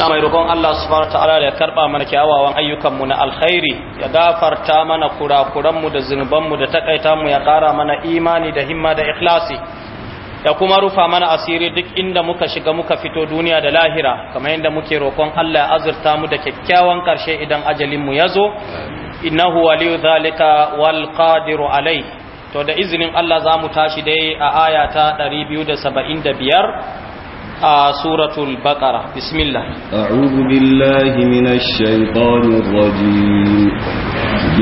ina mai roƙon Allah subhanahu ta'ala ya karba mana kyawawan ayyukan mu na alkhairi ya gafarta mana kurakuran mu da zunuban mu da takaita mu ya ƙara mana imani da himma da ikhlasi ya kuma rufa mana asiri duk inda muka shiga muka fito duniya da lahira kamar yadda muke roƙon Allah ya azurta mu da kyakkyawan ƙarshe idan ajalin mu ya zo innahu waliyu zalika wal qadiru alai to da izinin Allah za mu tashi dai a aya ta 275 آه سورة البقرة بسم الله أعوذ بالله من الشيطان الرجيم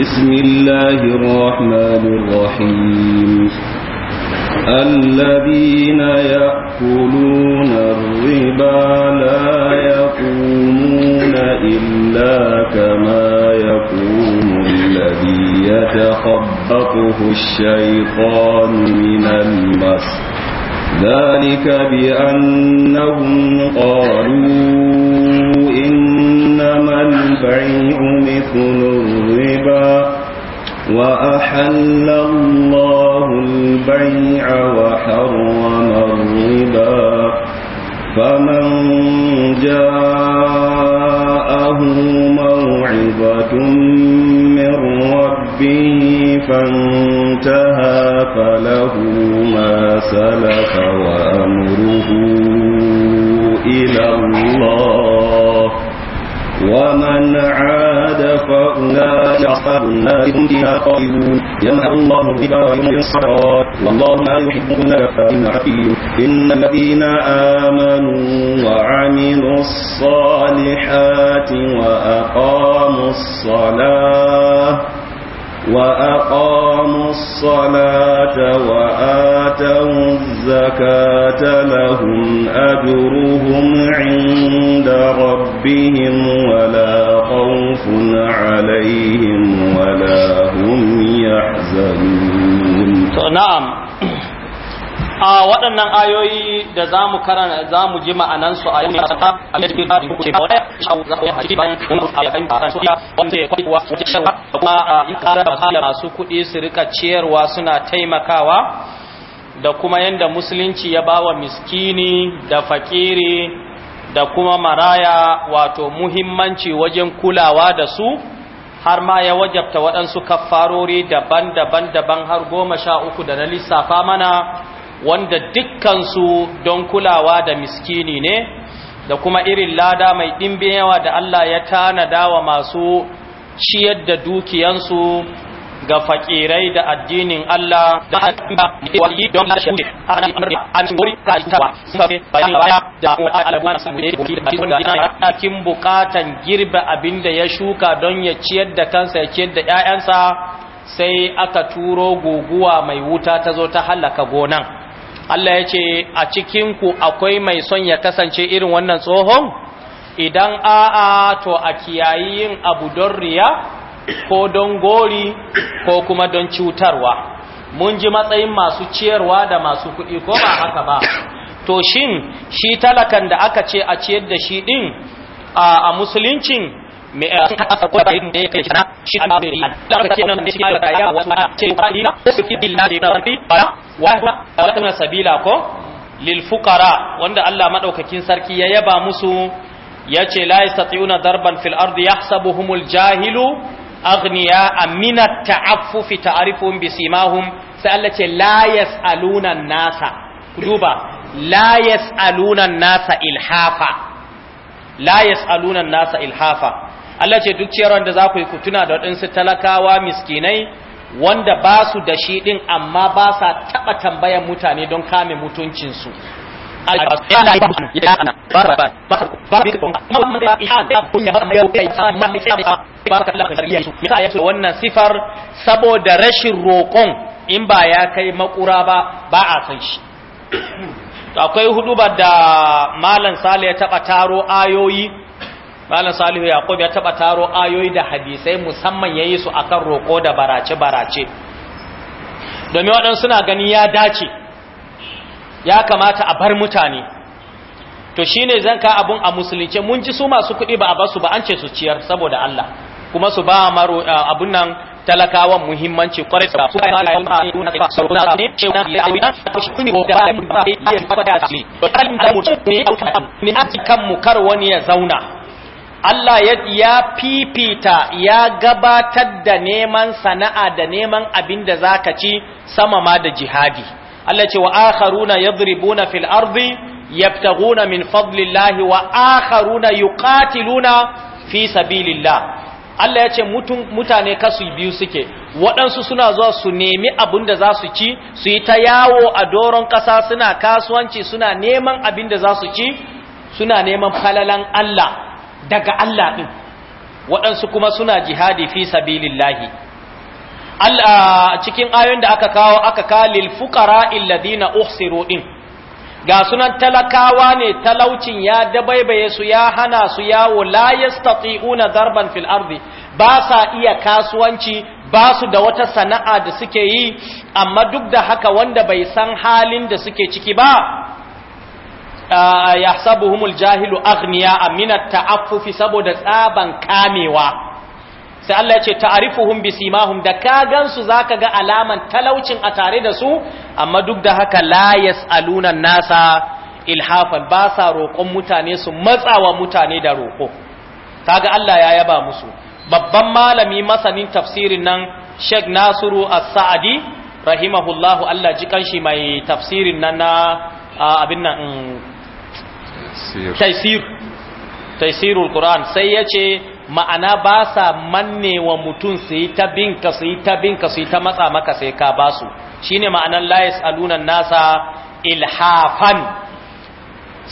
بسم الله الرحمن الرحيم الذين يأكلون الربا لا يقومون إلا كما يقوم الذي يتخبطه الشيطان من المس ذلك بأنهم قالوا إنما البيع مثل الربا وأحل الله البيع وحرم الربا فمن جاء سلف وأمره إلى الله ومن عاد فأولئك أصحاب النار هم فيها خالدون ينهى الله الربا ويمنع الصدقات والله ما يحب كل كفار حكيم إن الذين آمنوا وعملوا الصالحات وأقاموا الصلاة وأقاموا الصلاة وآتوا الزكاة لهم أجرهم عند ربهم ولا خوف عليهم ولا هم يحزنون نعم a waɗannan ayoyi da za mu karanta za mu ji ma'anansu a yau ne a cikin da kuke ke wani shawo za a yi haji bayan kuma a yakan karan su wanda ya kwai kuwa wajen shawa da kuma a yi kara da halar masu kuɗi su rika ciyarwa suna taimakawa da kuma yadda musulunci ya bawa miskini da fakiri da kuma maraya wato muhimmanci wajen kulawa da su har ma ya wajabta waɗansu kaffarori daban-daban daban har goma sha uku da na lissafa mana wanda dukkansu don kulawa da miskini ne da kuma irin lada mai ɗimbin yawa da Allah ya tanada wa masu ciyar da dukiyansu ga fakirai da addinin Allah da wani buƙatan girbe abin da ya shuka don ya ciyar da kansa ya ciyar da ƴaƴansa sai aka turo guguwa mai wuta ta zo ta halaka gonan Allah ya ce a cikinku akwai mai son ya kasance irin wannan tsohon idan a'a to a kiyayi yin abu don riya ko don gori ko kuma don cutarwa mun ji matsayin masu ciyarwa da masu kuɗi ko ba haka ba to shin shi talakan da aka ce a ciyar da shi ɗin a musuluncin me haka ko da yin da yake shi amma bai yi da aka ce nan da shi ya ta wa ma ce fadila su fi da fara wa sabila ko lil fuqara wanda Allah madaukakin sarki ya yaba musu yace la yastati'una darban fil ardi yahsabuhumul jahilu aghniya amina ta'affufi ta'rifuhum bisimahum sai Allah ce la yas'aluna nasa duba la yas'aluna nasa ilhafa la yas'aluna nasa ilhafa Allah ce duk ciyarwar da za ku yi ku tuna da waɗansu talakawa miskinai wanda ba su da shi ɗin amma ba sa taɓa tambayan mutane don kame mutuncinsu. wannan sifar saboda rashin roƙon in ba ya kai makura ba ba a san shi akwai ba da malam sali ya taba taro ayoyi salihu yaqub ya taba taro ayoyi da hadisai musamman ya yi su akan roko da barace barace domin waɗansu na gani ya dace ya kamata a bar mutane to shine zan ka abun a musulunce mun ji su masu kuɗi ba a basu ba an ce su ciyar saboda Allah kuma su ba abun nan talakawan muhimmanci kwarai da na kuma da ba da kar wani ya zauna Allah ya ya fifita ya gabatar da neman sana'a da neman abin da ka ci sama ma da jihadi Allah ce wa akharuna yadribuna fil arzi yabtaguna min fadlillahi wa akharuna yuqatiluna fi sabilillah Allah ya ce mutane kasu biyu suke waɗansu suna zuwa su nemi abin da za su ci su yi ta yawo a doron ƙasa suna kasuwanci suna neman abin da za su ci suna neman falalan Allah daga Allah ɗin waɗansu kuma suna jihadi fi sabilillahi cikin ayon da aka kawo aka kalil illadi na uhsiru ɗin. ga sunan talakawa ne talaucin ya dabaibaye su ya hana su yawo la yastati'una darban fil ardi ba sa iya kasuwanci ba su da wata sana'a da suke yi amma duk da haka wanda bai san halin da suke ciki ba yahsabuhumul jahilu aghniya min at-ta'affufi saboda tsaban kamewa sai Allah ya ce bi simahum da ka gansu zaka ga alaman talaucin a tare da su amma duk da haka la yasaluna nasa ilhafan ba sa roƙon mutane su matsawa mutane da roƙo kaga Allah ya yaba musu babban malami masanin tafsirin nan Sheikh Nasiru As-Sa'di rahimahullahu Allah ji kanshi mai tafsirin nan na abin nan mm, tafsir tafsirul Quran sai yace ma'ana ba sa manne wa mutum su yi ta binka su yi ta binka su yi ta matsa maka sai ka ba su shi ne ma'anan layis alunan nasa ilhafan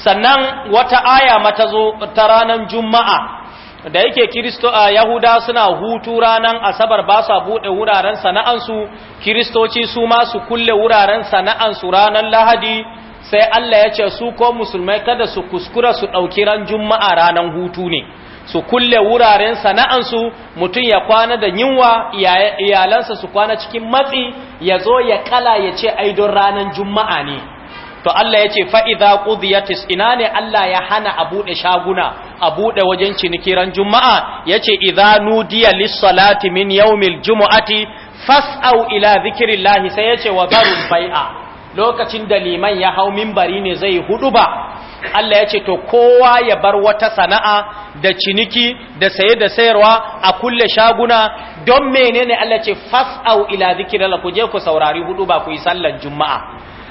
sannan wata aya mata zo ta ranar juma'a da yake kiristo a yahuda suna hutu ranar asabar ba sa buɗe wuraren sana'ansu kiristoci su ma su kulle wuraren sana'ansu ranar lahadi sai allah ya ce su ko musulmai kada su kuskura su ɗauki ran juma'a ranar hutu ne su kulle wuraren sana'ansu mutum ya kwana da yunwa iyalansa su kwana cikin matsi ya zo ya kala ya ce don ranar juma'a ne to Allah ya ce fa'iza ƙudiyatis ina ne Allah ya hana a buɗe shaguna a buɗe wajen cinikiran juma'a ya ce idanu diya lissalati min yaumil juma'ati fas'au ila zikirin lahi sai ya ce wa zarun bai'a lokacin da liman ya hau mimbari ne zai huɗu ba Allah ya ce to kowa ya bar wata sana'a da ciniki da saye da sayarwa a kulle shaguna don menene Allah ce fas'au ila la ku je ku saurari hudu ba ku yi sallar juma'a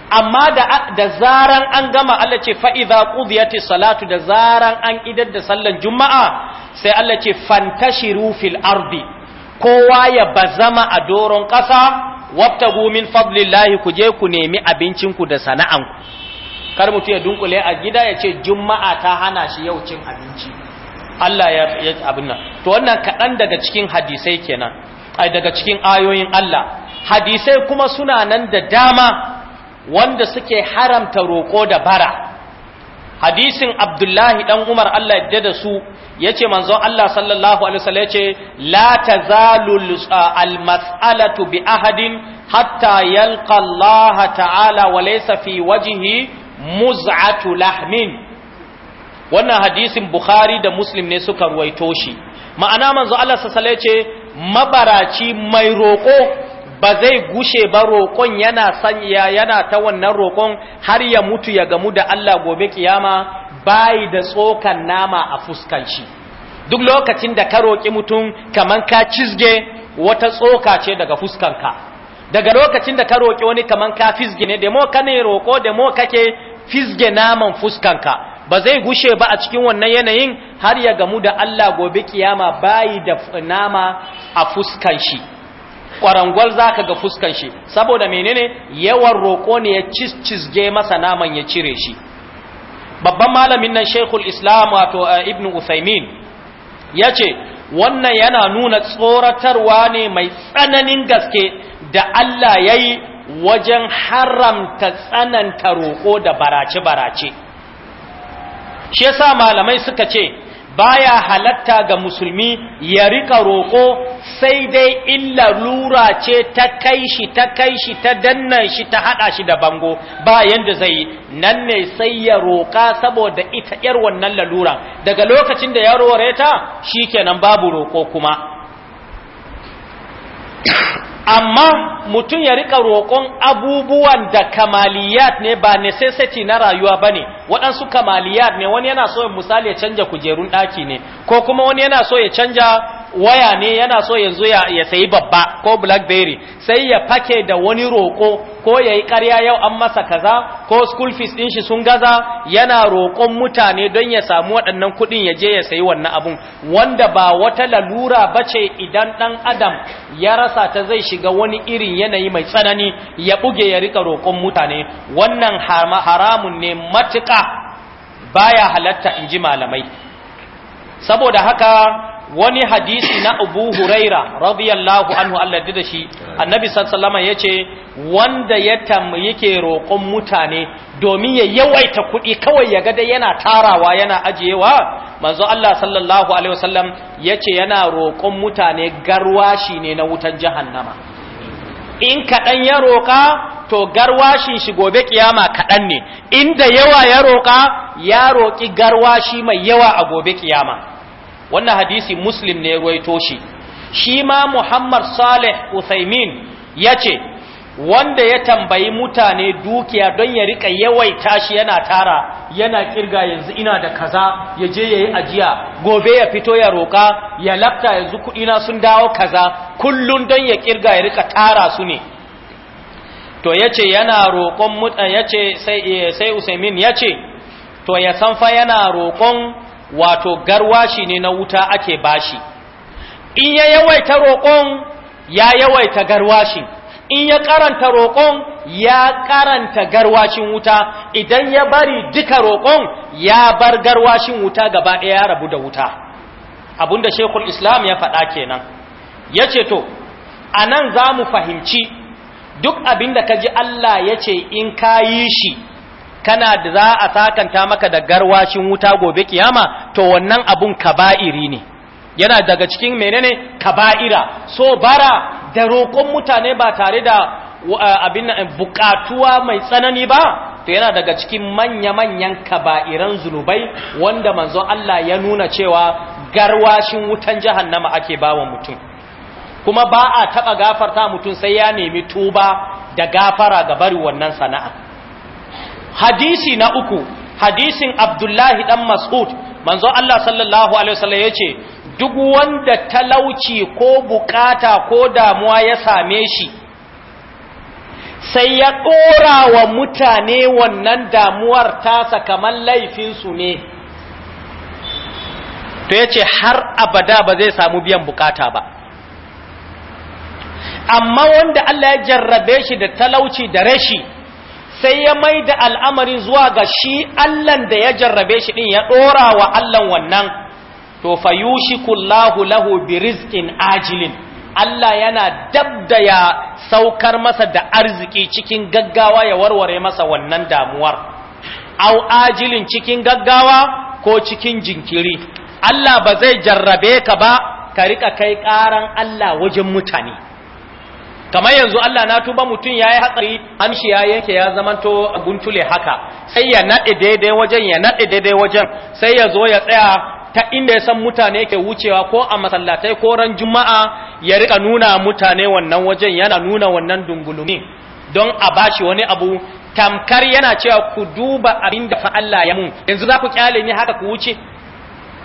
amma da da zaran an gama Allah ce fa idza qudiyatis salatu da zaran an idar da sallar juma'a sai Allah ce fantashiru fil ardi kowa ya bazama a doron kasa wabtagu min fadlillahi ku je ku nemi abincinku da sana'anku kar mutu ya dunkule a gida ya ce juma'a ta hana shi yau cin abinci Allah ya abin nan to wannan kaɗan daga cikin hadisai kenan ai daga cikin ayoyin Allah hadisai kuma suna nan da dama wanda suke haramta roƙo da bara hadisin Abdullahi dan Umar Allah ya da su yace manzon Allah sallallahu alaihi wasallam yace la tazalu al-mas'alatu bi ahadin hatta yalqa Allah ta'ala wa laysa fi wajhi muz'atu lahmin wannan hadisin bukhari da muslim ne suka ruwaito shi ma'ana manzo Allah sassale ce mabaraci mai roƙo ba zai gushe ba roƙon yana sanya yana ta wannan roƙon har ya mutu ya gamu da Allah gobe kiyama bayi da tsokan nama a fuskan shi duk lokacin da ka roƙi mutum kaman ka cizge wata tsoka ce daga fuskanka daga lokacin da ka roƙi wani kaman ka fisge ne demo ka ne roƙo demo kake fisge naman fuskanka ba zai gushe ba a cikin wannan yanayin har ya gamu da Allah gobe kiyama bayi da nama a fuskan shi kwarangwal zaka ga fuskan shi saboda menene yawan roƙo ne ya cizge masa naman ya cire shi babban malamin nan Sheikhul Islam wato eh, Ibn Uthaymeen yace wannan yana nuna tsoratarwa ne mai tsananin gaske da Allah ya yi wajen haramta tsananta roƙo da barace-barace shi yasa malamai suka ce baya halatta ga musulmi ya rika roƙo sai dai illa lura ce ta kai shi ta kai shi ta danna shi ta hada shi da bango ba yanda zai nan ne sai ya roƙa saboda ita yar wannan lalura daga lokacin da ya rore ta shikenan babu roƙo kuma amma mutum ya rika roƙon abubuwan da kamaliyat ne ba necessity na rayuwa ba ne waɗansu kamaliyat ne wani yana so ya misali ya canja kujerun ɗaki ne ko kuma wani yana so ya canja waya ne yana so yanzu ya, ya sayi babba ko blackberry sai ya fake da wani roƙo ko ya yi ƙarya yau an masa kaza ko school fees ɗin shi sun gaza yana roƙon mutane don ya samu waɗannan kuɗin ya je ya sayi wannan abun wanda ba wata lalura ba ce idan ɗan adam ya rasa ta zai shiga wani irin yanayi mai tsanani ya buge ya rika roƙon mutane wannan haramun ne matuƙa baya halatta in ji malamai saboda haka wani hadisi na Abu Huraira radiyallahu anhu Allah da shi annabi sallallahu alaihi yace wanda ya tambaye yake roƙon mutane domin ya yawaita kuɗi kawai ya ga dai yana tarawa yana ajiyewa manzo Allah sallallahu alaihi wasallam yace yana roƙon mutane garwashi ne na wutan jahannama in kaɗan ya roƙa to garwashin shi gobe kiyama kaɗan ne inda yawa ya roƙa ya roƙi garwashi mai yawa a gobe kiyama wannan hadisi muslim ne ya shi shi ma muhammad salih usaimin ya ce wanda ya tambayi mutane dukiya don ya rika yawaita shi yana tara yana kirga yanzu ina da kaza ya je ya yi ajiya gobe ya fito ya roka ya lafta yanzu kuɗina sun dawo kaza kullum don ya kirga ya rika tara su ne to ya ce yana roƙon mutane ya ce sai usaimin eh, ya ce to ya san fa yana roƙon wato garwashi ne na wuta ake bashi in ya yawaita roƙon ya yawaita garwashin in ya karanta roƙon ya karanta garwashin wuta idan ya bari duka roƙon ya bar garwashin wuta gaba ɗaya ya rabu da wuta abinda shekul islam ya faɗa kenan ya ce to a nan za mu fahimci duk abinda ka ji Allah ya ce in ka yi shi kana da za a sakanta maka da garwashin wuta gobe kiyama to wannan abun kaba'iri ne yana daga cikin menene kaba'ira so bara da roƙon mutane ba tare da abin buƙatuwa mai tsanani ba to yana daga cikin manya-manyan kaba'iran zunubai wanda manzo Allah ya nuna cewa garwashin wutan jahannama ake bawa mutum kuma ba a taba gafarta mutum sai ya nemi tuba da gafara ga bari wannan sana'a hadisi na uku hadisin abdullahi dan mas'ud manzo Allah sallallahu alaihi wasallam yace duk wanda talauci ko bukata ko damuwa ya same shi sai ya kora wa mutane wannan damuwar tasa kamar laifin su ne to yace har abada ba zai samu biyan bukata ba amma wanda Allah ya jarrabe shi da talauci da rashi sai ya mai da al'amarin zuwa ga shi Allahn da ya jarrabe shi ɗin ya ɗora wa Allahn wannan, to fa kullahu lahu bi rizkin ajilin, Allah yana dab da ya saukar masa da arziki cikin gaggawa ya warware masa wannan damuwar, au ajilin cikin gaggawa ko cikin jinkiri, Allah ba zai jarrabe ka ba, ka riƙa kai ƙaran Allah wajen mutane. kamar yanzu Allah na tuba mutum ya yi hatsari amshi ya yanke ya zamanto guntule haka sai ya naɗe daidai wajen ya naɗe daidai wajen sai ya zo ya tsaya ta inda ya san mutane ke wucewa ko a masallatai ko ran juma'a ya riƙa nuna mutane wannan wajen yana nuna wannan dungulumi don a bashi wani abu tamkar yana cewa ku duba abin da fa Allah ya mun yanzu za ku kyale ni haka ku wuce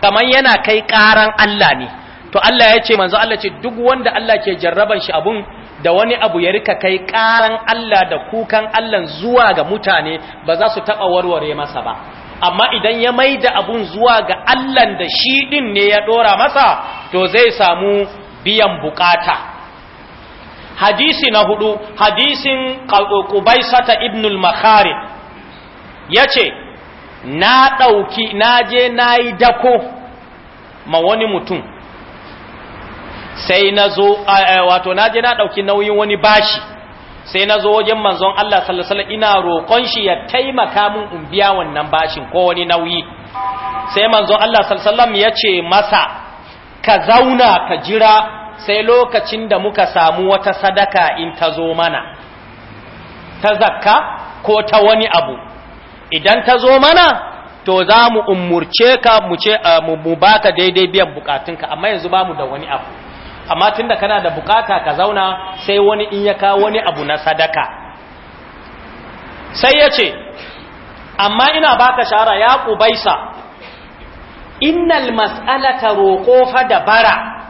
kamar yana kai ƙaran Allah ne to Allah ya ce manzo Allah ce duk wanda Allah ke jarraban shi abun da wani abu ya rika kai ƙaran Allah da kukan Allah zuwa ga mutane ba za su taɓa warware masa ba amma idan ya mai da abun zuwa ga Allah da shi ɗin ne ya ɗora masa to zai samu biyan bukata hadisi na hudu hadisin ƙubaisata al makhari yace na ɗauki na je na dako ma wani mutum sai na zo wato na je na ɗauki nauyin wani bashi sai na zo wajen manzon Allah sallallahu ina roƙon shi ya taimaka mun in biya wannan bashin ko wani nauyi sai manzon Allah sallallahu ya ce masa ka zauna ka jira sai lokacin da muka samu wata sadaka in ta zo mana ta zakka ko ta wani abu idan ta zo mana to za mu umurce ka mu ce mu baka daidai biyan bukatunka amma yanzu ba mu da wani abu amma tun da kana da bukata ka zauna sai wani in ya kawo wani abu na sadaka sai ya ce amma ina baka shara ya kubaisa innal mas'alata roƙo fa da bara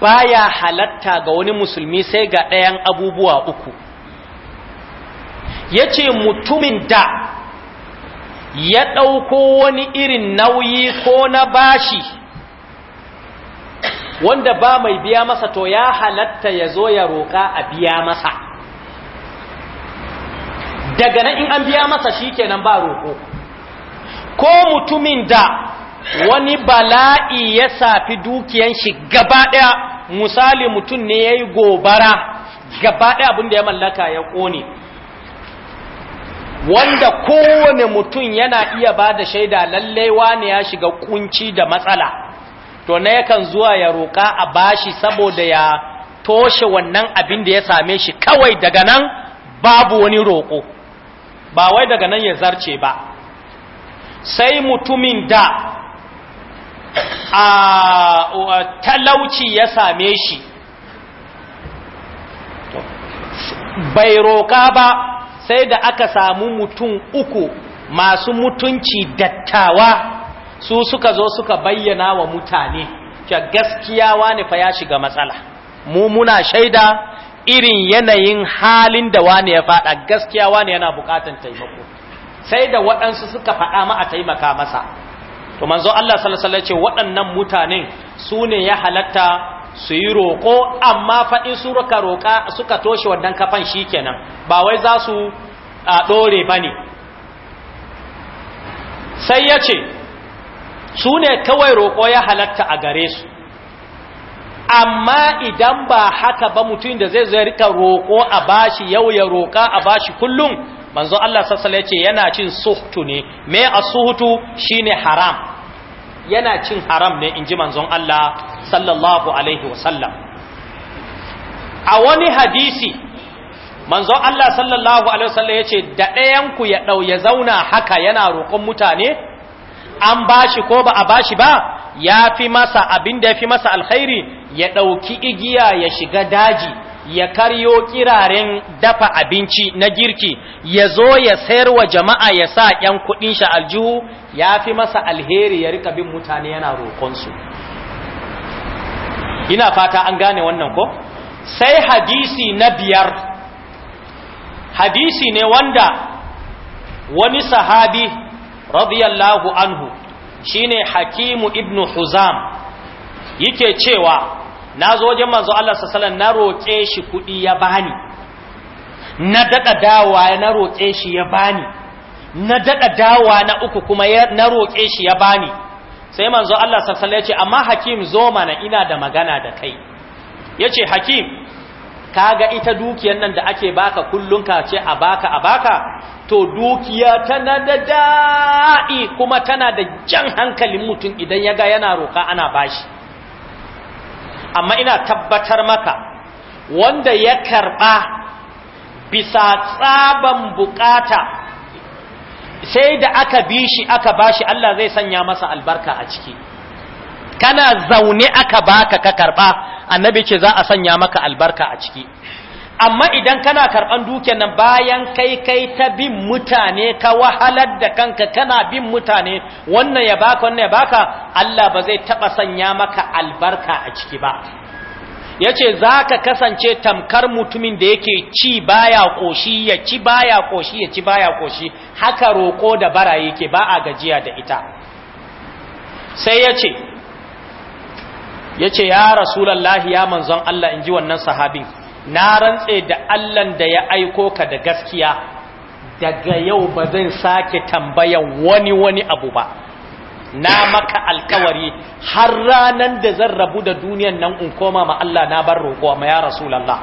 baya halatta ga wani musulmi sai ga ɗayan abubuwa uku yace mutumin da ya ɗauko wani irin nauyi ko na bashi wanda ba mai biya masa to ya halatta ya zo ya roƙa a biya masa daga nan in an biya masa shi kenan ba roƙo ko mutumin da wani bala'i ya safi dukiyan shi gaba ɗaya misali mutum ne ya yi gobara gaba ɗaya abinda ya mallaka ya ƙone wanda kowane mutum yana iya ba da shaida lallai ne ya shiga kunci da matsala to na yakan zuwa ya roƙa a bashi saboda ya toshe wannan abin da ya same shi kawai daga nan babu wani roƙo ba wai daga nan ya zarce ba sai mutumin da a talauci ya same shi bai roƙa ba sai da aka samu mutum uku masu mutunci dattawa su suka zo suka bayyana wa mutane ke gaskiya ne fa ya shiga matsala mu muna shaida irin yanayin halin da wani ya faɗa gaskiya wani yana bukatan taimako sai da waɗansu suka faɗa ma a taimaka masa to manzo Allah sallallahu alaihi wasallam ce waɗannan mutanen su ne ya halatta su yi roƙo amma fa in su roka roƙa suka toshe wannan kafan shi kenan ba wai za su a ba ne sai ya ce su ne kawai roƙo ya halatta a gare su amma idan ba haka ba mutum da zai zai rika roƙo a bashi yau ya roƙa a bashi kullum manzo Allah sassala ce yana cin suhutu ne me a suhutu shine haram yana cin haram ne in ji manzon Allah sallallahu alaihi wasallam a wani hadisi manzo Allah sallallahu alaihi wasallam ya ce da ɗayanku ya ɗau ya zauna haka yana roƙon mutane an bashi ko ba a bashi ba ya fi masa abin da ya fi masa alkhairi ya ɗauki igiya ya shiga daji ya karyo kiraren dafa abinci na girki ya zo ya sayar wa jama'a ya sa ‘yan kuɗin shi aljihu ya fi masa alheri ya rika bin mutane yana roƙonsu ina fata an gane wannan ko sai hadisi na biyar hadisi ne wanda wani sahabi radiyallahu anhu shine hakimu Ibnu huzam yake cewa na zo wajen manzo Allah sallallahu na roƙe shi kuɗi ya bani na daɗa dawa na roƙe shi ya bani na daɗa dawa na uku kuma na roƙe shi ya bani sai manzo Allah sallallahu ya ce amma hakim zo mana ina da magana da kai yace hakim kaga ita dukiyar nan da ake baka kullun ka ce a baka a baka to dukiya tana da da'i kuma tana da jan hankalin mutum idan yaga yana roka ana bashi amma ina tabbatar maka wanda ya karba bisa tsaban bukata sai da aka bishi aka bashi Allah zai sanya masa albarka a ciki kana zaune aka baka ka karɓa, annabi ce za a sanya maka albarka a ciki amma idan kana karɓan duken nan bayan kai kai ta bin mutane ka wahalar da kanka kana bin mutane wannan ya baka wannan ya baka Allah ba zai taɓa sanya maka albarka a ciki ba yace ka kasance tamkar mutumin da yake ci baya koshi ya ci baya koshi ya ci baya koshi haka roƙo da baraye yake ba a gajiya da ita sai yace ya ce ya rasulallahi ya manzon Allah in ji wannan sahabin na rantse da Allah da ya aiko ka da gaskiya daga yau ba zan sake tambayan wani wani abu ba na maka alkawari har ranan da zan rabu da duniyan nan in koma ma Allah na bar roƙo ma ya rasulallah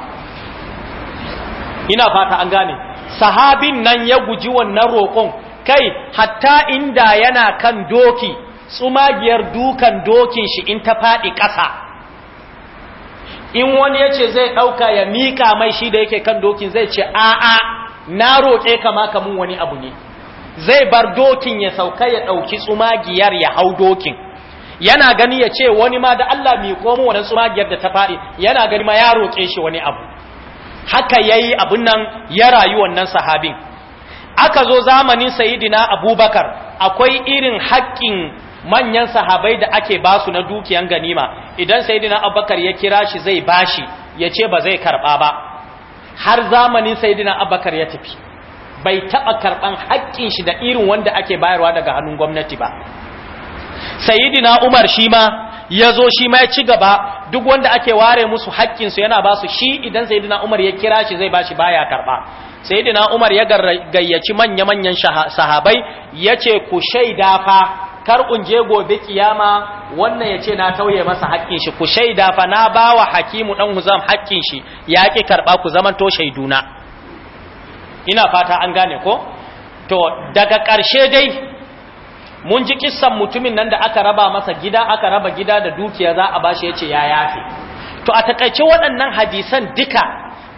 ina fata an gane sahabin nan ya guji wannan roƙon kai hatta inda yana kan doki tsumagiyar dukan dokin shi in ta faɗi ƙasa in wani ya ce zai ɗauka ya mika mai shi da yake kan dokin zai ce a'a na roƙe ka maka mun wani abu ne zai bar dokin ya sauka ya ɗauki tsumagiyar ya hau dokin yana gani ya ce wani ma da Allah mai komo wani tsumagiyar da ta faɗi yana gani ma ya roƙe shi wani abu haka ya yi abin nan ya rayu wannan sahabin aka zo zamanin sayidina abubakar akwai irin haƙƙin manyan sahabai da ake basu na dukiyan ganima idan sayyidina abubakar ya kira shi zai bashi ya ce ba zai karba ba har zamanin sayyidina abubakar ya tafi bai taba karban haƙƙin shi da irin wanda ake bayarwa daga hannun gwamnati ba Sayidina umar shima ma ya zo shi ya ci gaba duk wanda ake ware musu su yana ba su shi idan sayyidina umar ya kira shi zai ba baya karba sayyidina umar ya gayyaci manya-manyan sahabai ya ce ku shaida fa kar je gobe kiyama wannan yace na tauye masa haƙƙin shi ku shaida fa na bawa hakimu ɗan huzam haƙƙin shi ya ƙi karɓa ku zamanto shaiduna ina fata an gane ko to daga ƙarshe dai mun ji kissan mutumin nan da aka raba masa gida aka raba gida da dukiya za a bashi yace ya yafe to a taƙaice waɗannan hadisan duka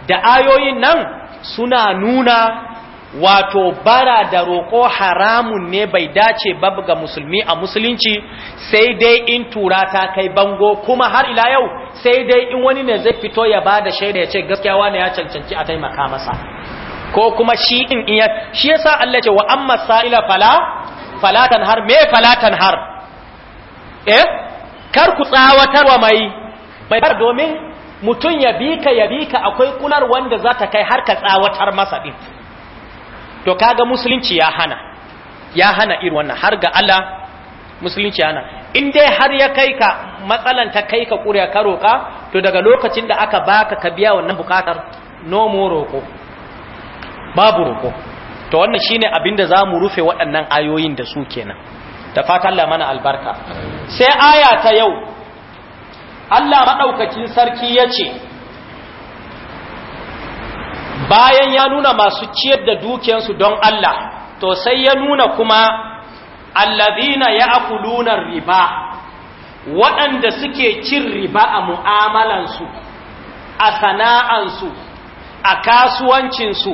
da ayoyin nan suna nuna wato bara da roƙo haramun ne bai dace ba ga musulmi a musulunci sai dai in tura ta kai bango kuma har ila yau sai dai in wani ne zai fito ya ba da shaida ya ce gaskiyawa ne ya cancanci a taimaka masa ko kuma shi in iya shi ya sa Allah ce wa amma sa'ila fala falatan har me falatan har eh kar ku tsawatarwa mai bai domin mutum ya bika ya bika akwai kular wanda za ta kai har ka tsawatar masa din to kaga musulunci ya hana ya hana irin wannan har ga Allah musulunci yana in dai har ya kai ka matsalan ta kai ka ƙuriya ka roƙa to daga lokacin da aka baka ka biya wannan bukatar nomo roƙo babu roƙo to wannan shine abinda zamu rufe waɗannan ayoyin da su kenan da fatan Allah mana albarka sai aya ta yau Allah maɗaukacin sarki ya ce bayan ya nuna masu ciyar da dukiyansu don Allah to sai ya nuna kuma allazina ya'kuluna riba waɗanda suke cin riba a mu'amalansu a sana'ansu a kasuwancinsu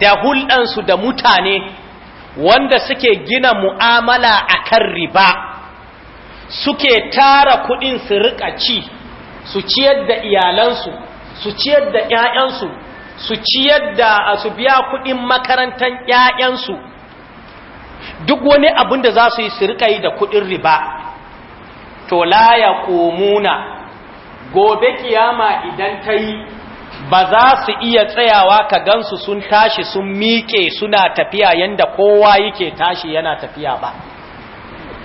da hulɗansu da mutane wanda suke gina mu'amala a kan riba suke tara kuɗin su riƙa ci su ciyar da iyalansu su ciyar da 'ya'yansu su ci yadda a su biya kuɗin makarantar ‘ya'yansu duk wani abin da za su yi su riƙa da kuɗin riba to laya ya komuna gobe kiyama idan ta yi ba za su iya tsayawa ka gansu sun tashi sun miƙe suna tafiya yadda kowa yake tashi yana tafiya ba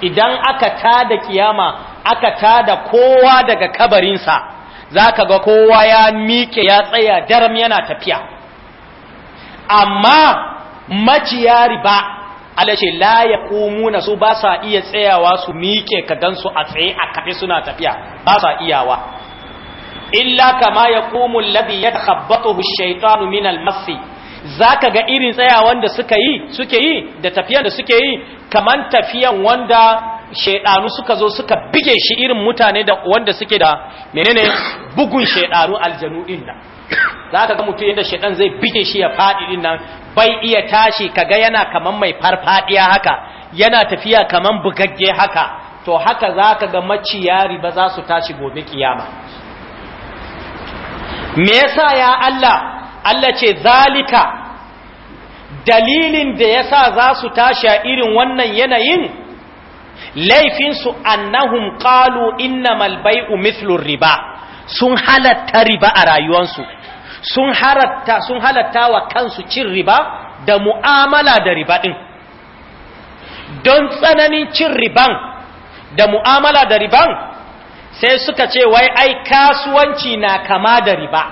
idan aka ta da kiyama aka ta da kowa daga kabarinsa za ka ga kowa ya miƙe ya tsaya daram yana tafiya amma maciya riba alashe la ya na su ba sa iya tsayawa su miƙe ka gansu a tsaye a kafe suna tafiya ba sa iyawa illa kama ya komun labi ya habbatu shaitanu min almasi za ka ga irin tsayawan da suka yi suke yi da tafiyan da suke yi kaman tafiyan wanda shedanu suka zo suka bige shi irin mutane da wanda suke da menene bugun shedanu aljanu din nan zaka ga mutum yadda shaidan zai bige shi ya faɗi din nan bai iya tashi kaga yana kaman mai farfadiya haka yana tafiya kaman bugagge haka to haka zaka ga maciyari ba za su tashi gobe kiyama me yasa ya Allah Allah ce zalika dalilin da yasa za su tashi a irin wannan yanayin laifinsu annahum qalu innamal bai'u mithlu riba sun halatta riba a rayuwansu sun halatta sun halatta wa kansu cin riba da mu'amala da riba din don tsananin cin riban da mu'amala da riban sai suka ce wai ai kasuwanci na kama da riba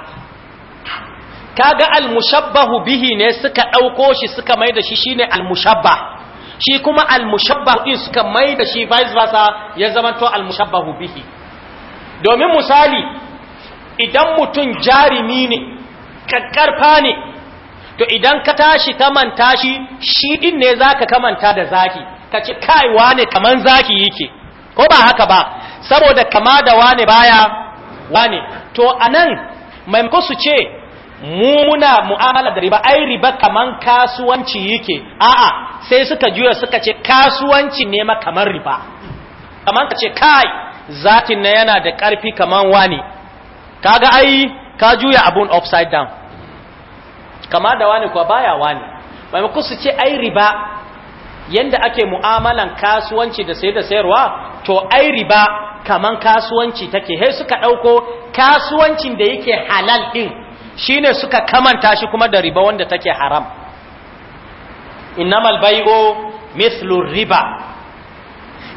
kaga al-mushabbahu bihi ne suka dauko shi suka mai da shi shine al-mushabbah shi kuma al-mushabbahu din suka mai da shi vice versa ya zamanto al-mushabbahu bihi domin misali idan mutum jarimi ne kakkarfa ne to idan ka tashi ta manta shi shi din ne zaka kamanta da zaki kace kai wane kaman zaki yake ko ba haka ba saboda kama da wane baya wane to anan maimakon su ce mu muna mu'amala da riba ai riba kaman kasuwanci yake a'a sai suka juya suka ce kasuwanci ne ma kaman riba kaman ka ce kai zatin na yana da karfi kaman wani kaga ai ka juya abun upside down kama da wani kuwa baya wani maimako su ce ai riba yanda ake mu'amalan kasuwanci da sayar da sayarwa to ai riba kaman kasuwanci take sai suka dauko kasuwancin da yake halal din shine suka kamanta shi kuma da riba wanda take haram innamal bai'u mithlu riba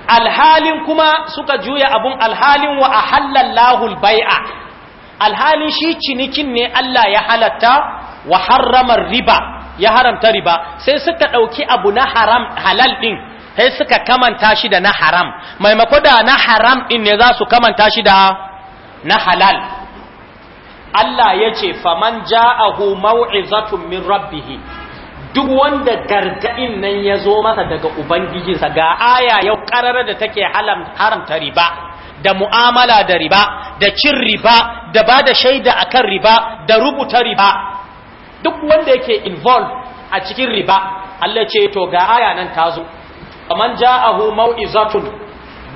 alhalin kuma suka juya abun alhalin wa ahallallahu bai'a alhalin shi cinikin ne Allah ya halatta wa harrama riba ya haramta riba sai suka ɗauki abu na haram halal ɗin sai suka kamanta shi da na haram maimako da na haram ɗin ne za su kamanta shi da na halal Allah ya ce faman ja'ahu mau'izatun min rabbihi duk wanda gargaɗin nan ya zo masa daga ubangijinsa ga aya yau ƙarar da take haramta riba da mu'amala da riba da cin riba da ba da shaida akan riba da rubuta riba duk wanda yake involve a cikin riba Allah ce to ga aya nan ta zo faman ja'ahu mau'izatun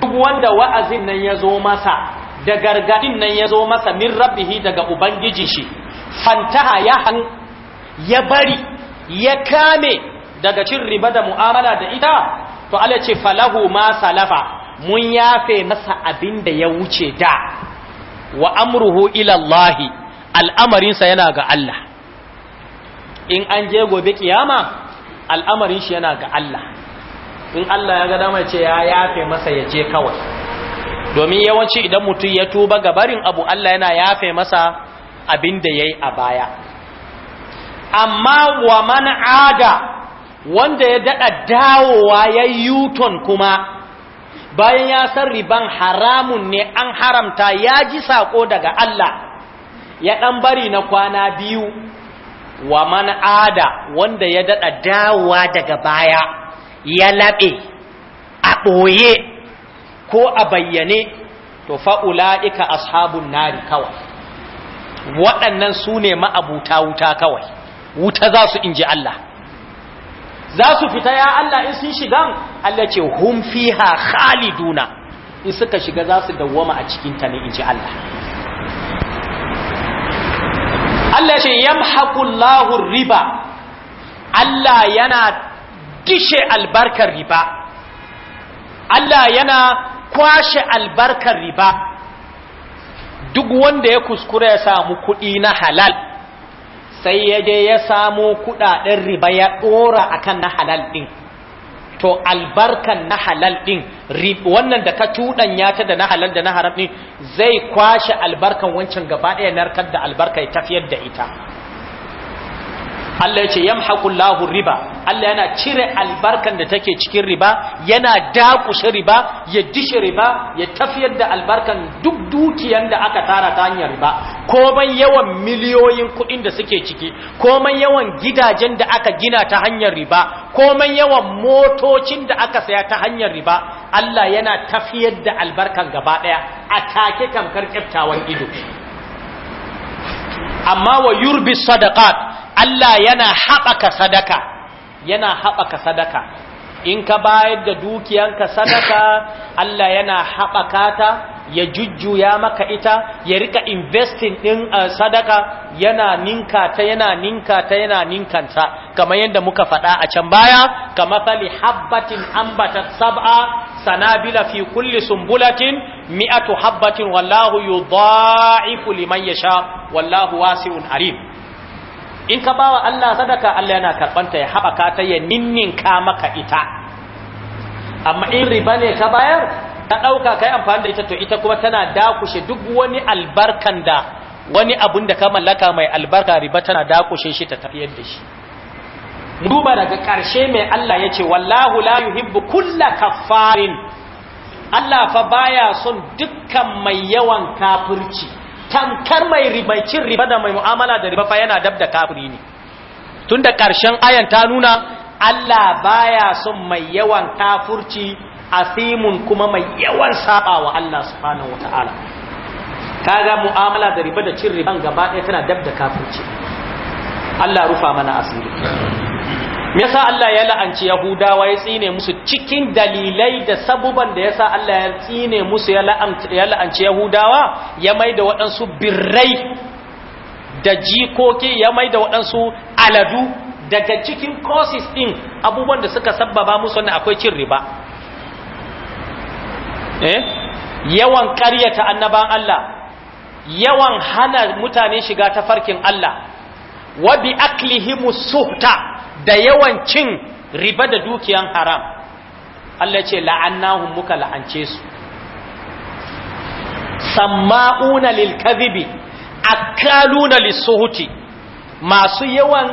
duk wanda wa'azin nan ya zo masa da gargaɗin nan ya zo masa min rabbihi daga ubangijin shi fantaha ya han ya bari ya kame daga cin riba da mu'amala da ita to Allah ce falahu ma salafa mun yafe masa abin da ya wuce da wa amruhu ilallahi al'amarinsa yana ga Allah in an je gobe kiyama al'amarin shi yana ga Allah in Allah ya ga dama ce ya yafe masa ya je kawai domin yawanci idan mutum ya tuba ga barin abu Allah yana yafe masa abin da ya yi a baya amma wa mana ada wanda ya daɗa dawowa ya yuton kuma bayan ya san riban haramun ne an haramta ya ji saƙo daga Allah ya ɗan bari na kwana biyu wa mana ada wanda ya daɗa dawowa daga baya ya laɓe a ɓoye ko a bayyane to fa'ula'ika ashabun nari kawai waɗannan su ne ma'abuta wuta kawai wuta za su inji Allah za su fita ya Allah in sun shigan Allah ce hum fiha khaliduna in suka shiga za su dawwama a cikinta ne inji Allah Allah ce yamhaqullahu riba Allah yana dishe albarkar riba Allah yana kwashe albarkar riba duk wanda ya kuskura ya samu kuɗi na halal sai ya je ya samu kuɗaɗen riba ya ɗora akan na halal ɗin to albarkan na halal ɗin wannan da ka ya ta da na halal da na haram ɗin zai kwashe albarkan wancan gaba ɗaya narkar da albarka ya tafiyar da ita Allah ya ce yamhaqullahu riba Allah yana cire albarkan da take cikin riba yana dakushe riba ya dishe riba ya tafiyar da albarkan duk dukiyan da aka tara ta hanyar riba ban yawan miliyoyin kuɗin da suke ciki komai yawan gidajen da aka gina ta hanyar riba ko man yawan motocin da aka saya ta hanyar riba Allah yana tafiyar da albarkan gaba ɗaya a take tamkar kyaftawan ido amma wa yurbi sadaqat Allah yana haɓaka sadaka yana haɓaka sadaka in ka bayar da dukiyanka sadaka Allah yana haɓaka ta ya jujjuya maka ita ya rika investin ɗin uh, sadaka yana ninka ta yana ninka ta yana ninkanta kamar yadda muka faɗa a can baya kamar fali habbatin ambatat sab'a sanabila fi kulli sumbulatin mi'atu habbatin wallahu yudha'ifu liman yasha wallahu wasi'un alim in ka bawa Allah sadaka Allah yana karɓanta ya haɓaka ta ya ninninka maka ita amma in riba ne ka bayar ka ɗauka ka yi amfani da ita to ita kuma tana dakushe duk wani albarkan da wani abun da ka mallaka mai albarka riba tana dakushe shi ta tafiyar da shi duba daga karshe mai Allah ya ce wallahu la yuhibbu kulla kaffarin Allah fa baya son dukkan mai yawan kafirci tamkar mai cin riba da mai mu'amala da riba fa yana dab da kafiri ne tunda ƙarshen ayan ta nuna Allah baya son mai yawan kafurci asimun kuma mai yawan saba wa Allah subhanahu wataala kaga mu'amala da riba da cin riban gaba ɗaya tana dab da kafirci Allah rufa mana asiri yasa Allah ya la'anci Yahudawa ya tsine musu cikin dalilai da sabuban da yasa Allah ya tsine musu ya la'anci Yahudawa ya maida waɗansu birrai da jikoki ya maida waɗansu aladu daga cikin causes ɗin abubuwan da suka sabbaba musu wannan akwai cin riba eh yawan ƙaryata annaban Allah yawan hana mutane shiga tafarkin Allah wa bi aklihimus suhta da yawan cin riba da dukiyan haram Allah ce la'annahum muka la'ance su samma'una lil kadhibi akaluna lisuhuti masu yawan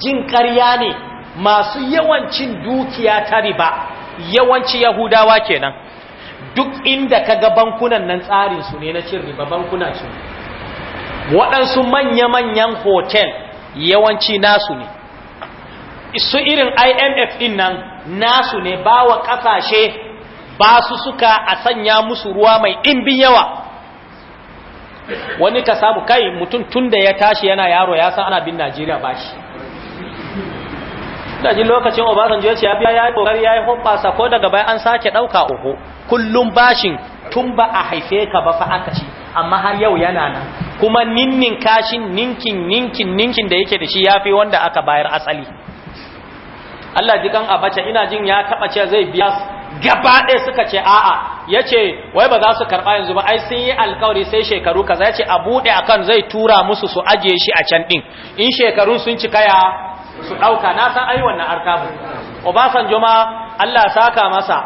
jin ƙarya ne masu yawan cin dukiya ta riba yawanci yahudawa kenan duk inda kaga bankunan nan tsarin su ne na cin riba bankunan su waɗansu manya-manyan hotel yawanci nasu ne su irin imf din nan nasu ne ba wa ƙasashe ba su suka a sanya musu ruwa mai ɗimbin yawa wani ka samu kai mutum tun da ya tashi yana yaro ya san ana bin najeriya ba shi lokacin Obasan ya ya biya ya yi ƙoƙari ya yi hoɓasa ko daga bayan an sake ɗauka uku kullum bashin tun ba a haife ka ba fa aka ci amma har yau yana nan kuma ninnin kashin ninkin ninkin ninkin da yake da shi ya fi wanda aka bayar asali Allah jikan abacha ina jin ya taba ce zai biya gaba ɗaya suka ce a'a ya ce wai ba za su karɓa yanzu ba ai sun yi alkawari sai shekaru kaza ya ce a buɗe akan zai tura musu su ajiye shi a can ɗin in shekarun sun cika ya su ɗauka na san ai wannan arkabu obasanjo ma Allah saka masa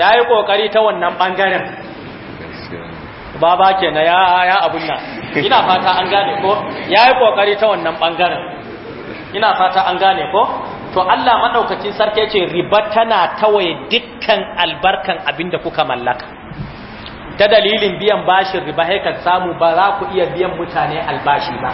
ya yi ƙoƙari ta wannan ɓangaren baba ke na ya ya abun nan ina fata an gane ko ya yi ƙoƙari ta wannan ɓangaren ina fata an gane ko to Allah madaukakin sarki yace riba tana tawaye dukkan albarkan abinda kuka mallaka ta dalilin biyan bashin riba sai samu ba za ku iya biyan mutane albashi ba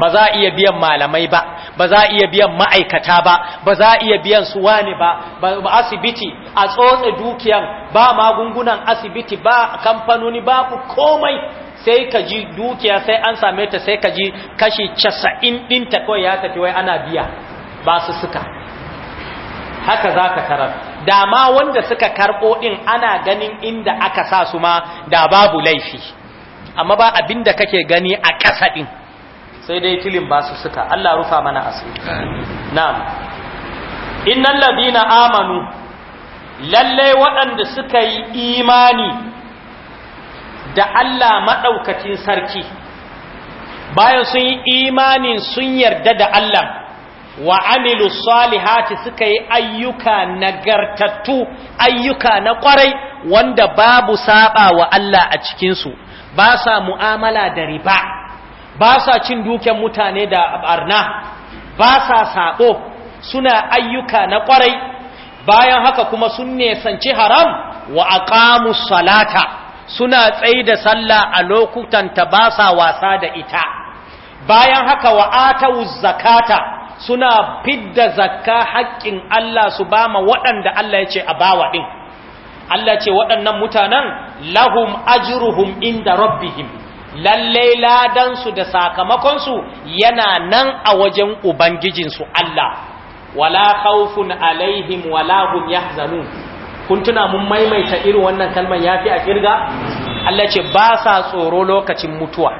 ba za a iya biyan malamai ba ba za a iya biyan ma'aikata ba ba za a iya biyan su wani ba ba asibiti a tsotse dukiyan ba magungunan asibiti ba kamfanoni ba ku komai sai ka ji dukiya sai an same ta sai ka ji kashi casa'in ɗinta kawai ya tafi wai ana biya ba su suka haka za ka tarar dama wanda suka karɓo ɗin ana ganin inda aka sa su ma da babu laifi amma ba abin da kake gani a ƙasa ɗin sai dai tilin ba su suka Allah rufa mana asiri na'am innal ladina amanu lallai waɗanda suka yi imani da Allah maɗaukacin sarki bayan sun yi imanin sun yarda da Allah wa amilu salihati suka yi ayyuka nagartattu ayyuka na kwarai wanda babu saba wa Allah a cikinsu ba sa mu'amala da riba ba sa cin duken mutane da barna ba sa sabo suna ayyuka na kwarai bayan haka kuma sun nesanci haram wa aqamu salata suna tsayi da sallah a lokutan ta ba sa wasa da ita bayan haka wa atawuz zakata suna fidda zakka haƙƙin Allah su ba ma waɗanda Allah ya ce a bawa ɗin Allah ce waɗannan mutanen lahum ajruhum inda rabbihim lallai ladansu da sakamakonsu yana nan a wajen ubangijinsu Allah wala khawfun alaihim wala hum yahzanun kun tuna mun maimaita irin wannan kalman yafi a kirga Allah ce ba sa tsoro lokacin mutuwa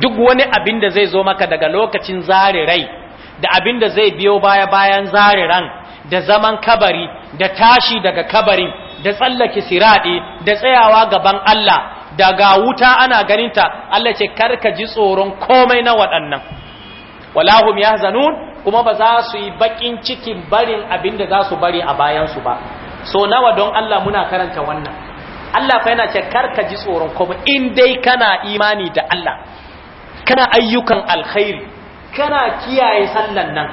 duk wani abin da zai zo maka daga lokacin zare rai da abin da zai biyo baya bayan zare ran da zaman kabari da tashi daga kabarin da tsallake sirade da tsayawa gaban Allah daga wuta ana ganinta Allah ce karka ji tsoron komai na waɗannan walahum yahzanun kuma ba za su yi bakin cikin barin abin da za su bari a bayansu ba so nawa don Allah muna karanta wannan Allah fa yana ce karka ji tsoron komai in dai kana imani da Allah kana ayyukan alkhairi kana kiyaye sallan nan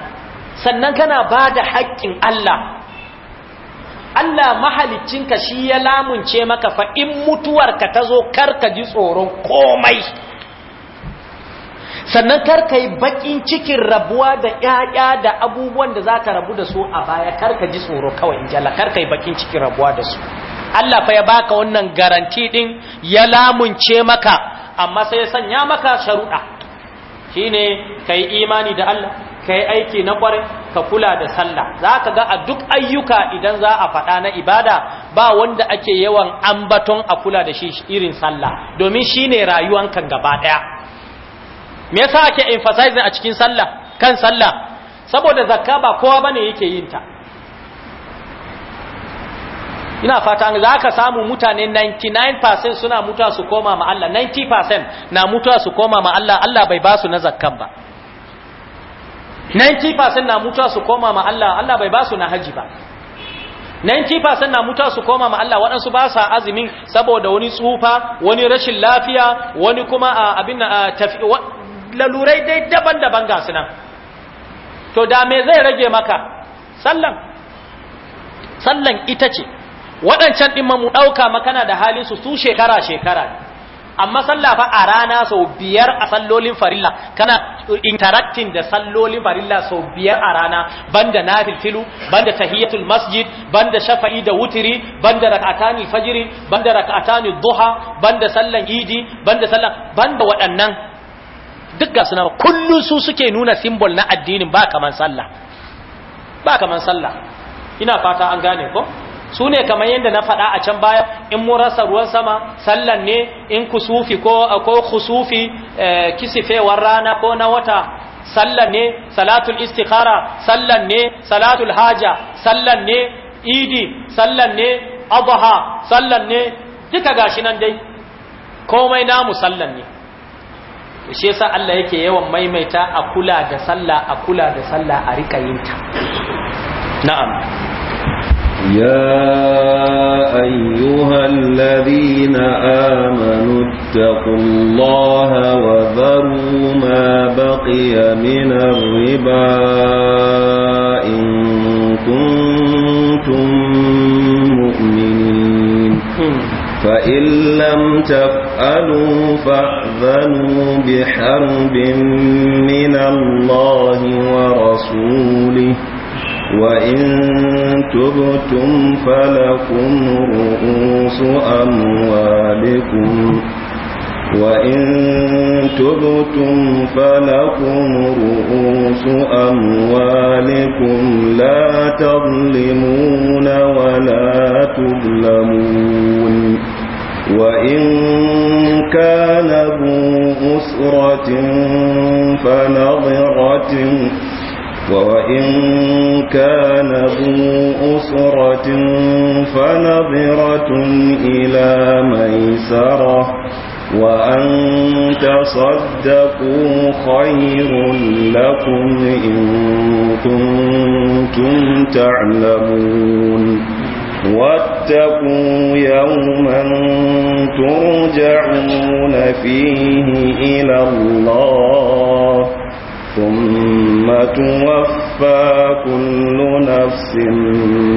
sannan kana ba da haƙƙin Allah Allah ka shi ya lamunce maka fa in mutuwarka ta zo karka ji tsoron komai sannan karka yi baƙin cikin rabuwa da 'ya'ya da abubuwan da za ka rabu da su a baya karka ji tsoro kawai in jala karka yi baƙin cikin rabuwa da su Allah fa ya baka wannan garanti ɗin ya lamunce maka amma sai ya sanya maka sharuɗa shine yi imani da Allah ka yi aiki na kware ka kula da sallah zaka ga a duk ayyuka idan za a faɗa na ibada ba wanda ake yawan ambaton a kula da shi irin sallah domin shine rayuwan kan gaba ɗaya me yasa ake emphasizing a cikin sallah kan sallah saboda zakka ba kowa bane yake yin ta ina fata za ka samu mutane 99% suna mutuwa su koma ma Allah 90% na mutuwa su koma ma Allah Allah bai ba su na zakkan ba 90% na mutuwa su koma ma Allah Allah bai ba su na haji ba 90% na mutuwa su koma ma Allah waɗansu ba sa azumin saboda wani tsufa wani rashin lafiya wani kuma abin tafi lalurai dai daban-daban ga su nan to da me zai rage maka sallan sallan ita ce waɗancan ɗin mu ɗauka makana da halin su su shekara shekara amma sallah fa a rana sau biyar a sallolin farilla kana interacting da sallolin farilla sau biyar a rana banda nafilfilu banda tahiyatul masjid banda shafa'i da wutiri banda rak'atanil fajr banda rakatani duha banda sallan idi banda sallan banda waɗannan duk ga suna kullun su suke nuna symbol na addinin ba kaman sallah ba kaman sallah ina fata an gane ko su ne kamar yadda na faɗa a can baya in mu rasa ruwan sama sallan ne in kusufi ko ko kusufi eh, kisifewar rana ko na wata sallan ne salatul istikhara sallan ne salatul haja sallan ne idi sallan ne adha sallan ne duka gashi nan dai komai namu sallan ne shi yasa Allah yake yawan maimaita a kula da sallah a kula da sallah a rika yinta na'am يا أيها الذين آمنوا اتقوا الله وذروا ما بقي من الربا إن كنتم مؤمنين فإن لم تفعلوا فأذنوا بحرب من الله ورسوله وإن تبتم فلكم رؤوس أموالكم وإن تبتم فلكم رؤوس أموالكم لا تظلمون ولا تظلمون وإن كان ذو أسرة فنظرة وإن كان ذو أسرة فنظرة إلى ميسرة وأن تصدقوا خير لكم إن كنتم تعلمون واتقوا يوما ترجعون فيه إلى الله ثم توفى كل نفس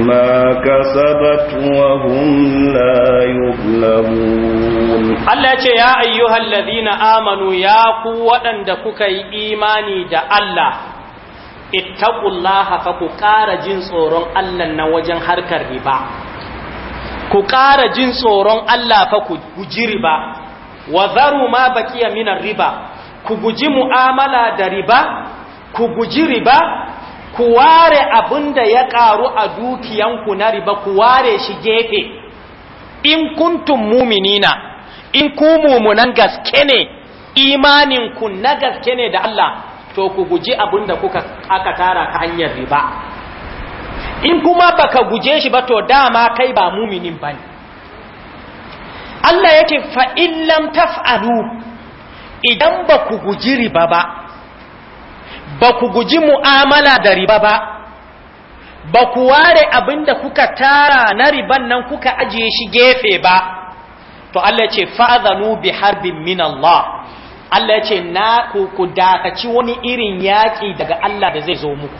ما كسبت وهم لا يظلمون الله يقول يا أيها الذين آمنوا يا قوة عندكك إيماني دا الله اتقوا الله فكار جنس ورن الله نوجا حرك الربا كار جنس ورن الله فكجربا وذروا ما بكي من الربا ku guji mu'amala da riba ku guji riba ku ware abin da ya karu a dukiyanku na riba ku ware shi gefe in kuntum muminina in ku mumunan gaske ne imaninku na gaske ne da Allah to ku guji abin da kuka aka tara ta hanyar riba in kuma baka guje shi ba to dama kai ba muminin bane Allah yake fa illam taf'alu idan ba ku guji riba ba ba ku guji mu'amala da riba ba ba ku ware abinda kuka tara na riban nan kuka ajiye shi gefe ba to Allah ce fa'adhanu bi harbin min Allah Allah ce na ku ku dakaci wani irin yaƙi daga Allah da zai zo muku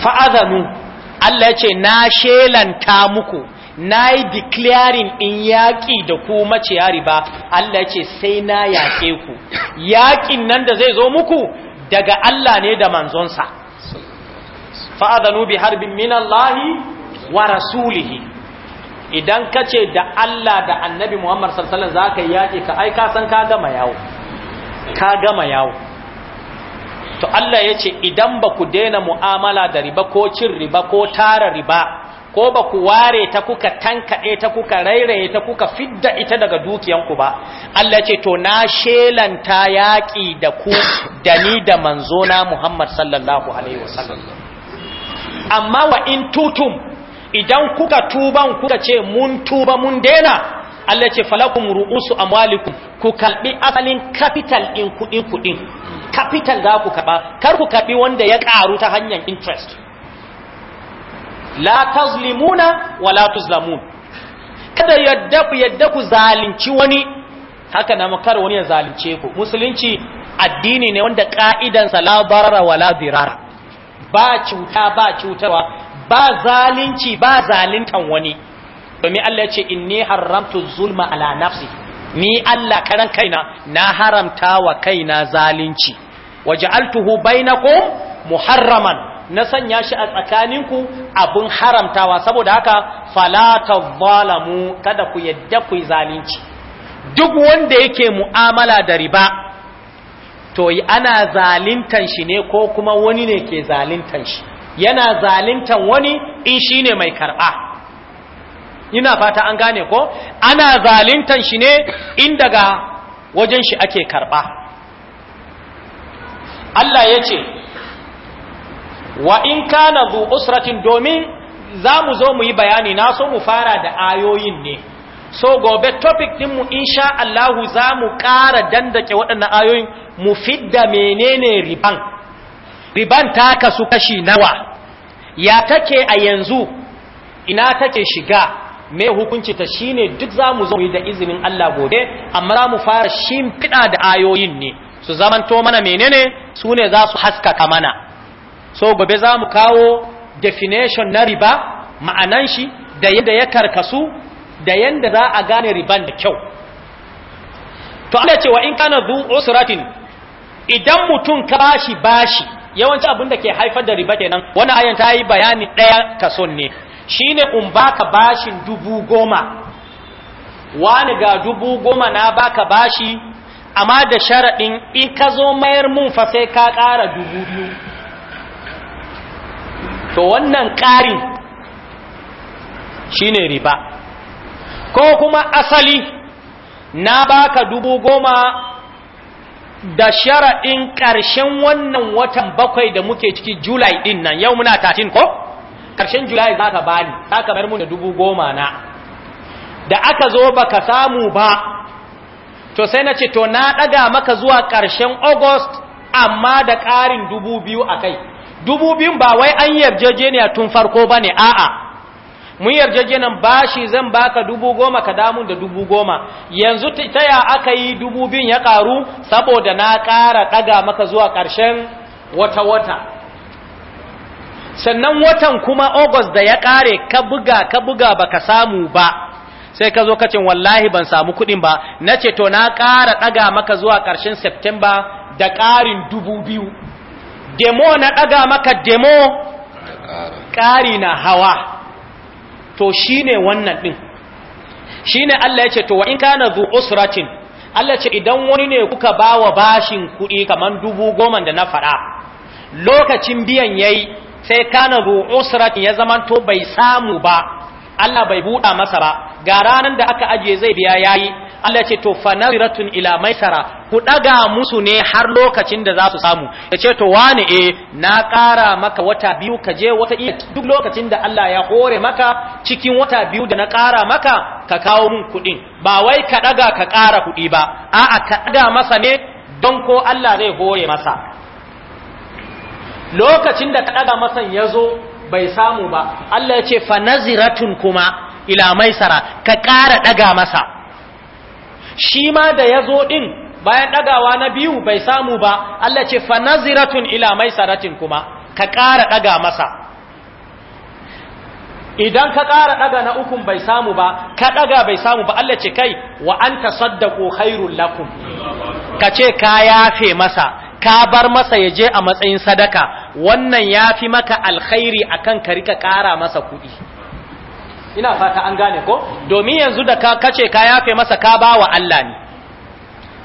fa'adhanu Allah ce na shelanta muku na yi declaring in yaƙi da ku maciya riba Allah ce sai na yaƙe ku yaƙin nan da zai zo muku daga Allah ne da manzonsa fa'adhanu bi harbin minallahi wa rasulihi idan ka ce da Allah da annabi Muhammad sallallahu za ka yaƙi ka aika san ka gama yawo ka gama yawo to Allah ya ce idan ba ku daina mu'amala da riba ko cin riba ko tara riba ko ba ku ware ta kuka tankaɗe ta kuka rairaye ta kuka fidda ita daga dukiyanku ba Allah ce to na shelanta yaƙi da ku da ni da manzona Muhammad sallallahu alaihi wasallam amma wa in tutum idan kuka tuban kuka ce mun tuba mun dena Allah ce falakum ru'usu amwalikum ku kalbi asalin capital in kuɗin kuɗin capital za ku kaba. kar ku karɓi wanda ya ƙaru ta hanyar interest la tazlimuna wa la tuzlamun kada yadda ku yadda ku zalunci wani haka na kar wani ya zalunce ku musulunci addini ne wanda ka'idansa la barara wa la dirara ba cuta ba cutarwa ba zalunci ba zaluntan wani domin Allah ya ce inni haramtu zulma ala nafsi ni Allah karan kaina na haramta wa kaina zalunci waja'altuhu bainakum muharraman na sanya shi a tsakaninku abin haramtawa saboda haka falata zalamu kada ku yadda ku zalunci duk wanda yake mu'amala da riba to yi ana zalintan shi ne ko kuma wani ne ke zalintan shi yana zalintan wani in shi ne mai karɓa ina fata an gane ko ana zalintan shi ne in daga wajen shi ake karɓa Allah ya ce wa in kana zu usratin domin za mu zo mu yi bayani na so mu fara da ayoyin ne so gobe topic dinmu insha Allahu za mu ƙara dandake waɗannan ayoyin mu fidda menene riban riban ta kasu kashi nawa ya take a yanzu ina take shiga me hukunci ta shine duk za mu zo mu yi da izinin Allah gobe amma za mu fara shimfiɗa da ayoyin ne su zamanto mana menene su ne za su haskaka mana so gobe za mu kawo definition na riba ma'anan shi da yadda ya karkasu da yadda za a gane riban da kyau to ana cewa in kana zu usratin idan mutum ka bashi bashi yawanci abin da ke haifar da riba kenan wani ayan ta yi bayani ɗaya kason ne shine in baka bashin dubu goma wani ga dubu goma na baka bashi amma da sharaɗin in ka zo mayar mun fa sai ka ƙara dubu biyu to wannan ƙarin ne riba ko kuma asali na baka dubu goma da shara'in ƙarshen wannan watan bakwai da muke ciki julai ɗin nan yau muna tatin ko ƙarshen julai za ka bani za ka bar da dubu goma na da aka zo ba ka samu ba to sai na ce to na ɗaga maka zuwa ƙarshen august amma da ƙarin dubu biyu a kai dubu biyun ba wai an yarjejeniya tun farko ba ne a'a mun yarjejenan bashi zan baka dubu goma ka damun da dubu goma yanzu ta ya aka yi dubu biyun ya karu saboda na kara daga maka zuwa karshen wata-wata sannan watan kuma august da ya kare ka buga ka buga baka samu ba sai ka zo kacin wallahi ban samu kuɗin ba na ce to na kara ɗaga maka zuwa karshen september da ƙarin dubu biyu demo na ɗaga maka demo ƙari na hawa to shi wannan ɗin shine Allah yace to wa in kana zu usratin Allah ce idan wani ne kuka ba wa bashin kuɗi kamar dubu goma da na faɗa lokacin biyan yayi sai kana zu usratin ya zamanto bai samu ba Allah bai buɗa masa ba ga ranar da aka ajiye zai biya yayi Allah ce to fa naziratun ila maisara ku daga musu ne har lokacin da za su samu yace to wane eh na ƙara maka wata biyu ka je wata iya duk lokacin da Allah ya hore maka cikin wata biyu da na ƙara maka ka kawo mun kuɗin ba wai ka daga ka ƙara kuɗi ba a'a ka daga masa ne don ko Allah zai hore masa lokacin da ka daga masa ya zo bai samu ba Allah ya ce fa naziratun kuma ila maisara ka ƙara ɗaga masa shi ma da ya zo ɗin bayan ɗagawa na biyu bai samu ba Allah ce fa naziratun ila maisaratin kuma ka ƙara ɗaga masa idan ka ƙara ɗaga na ukun bai samu ba ka ɗaga bai samu ba Allah ce kai wa an tasaddaqu khairul lakum ka ce ka yafe masa ka bar masa ya je a matsayin sadaka wannan ya fi maka alkhairi akan ka rika ƙara masa kuɗi ina fata an gane ko domin yanzu da ka kace ka yafe masa ka ba wa Allah ne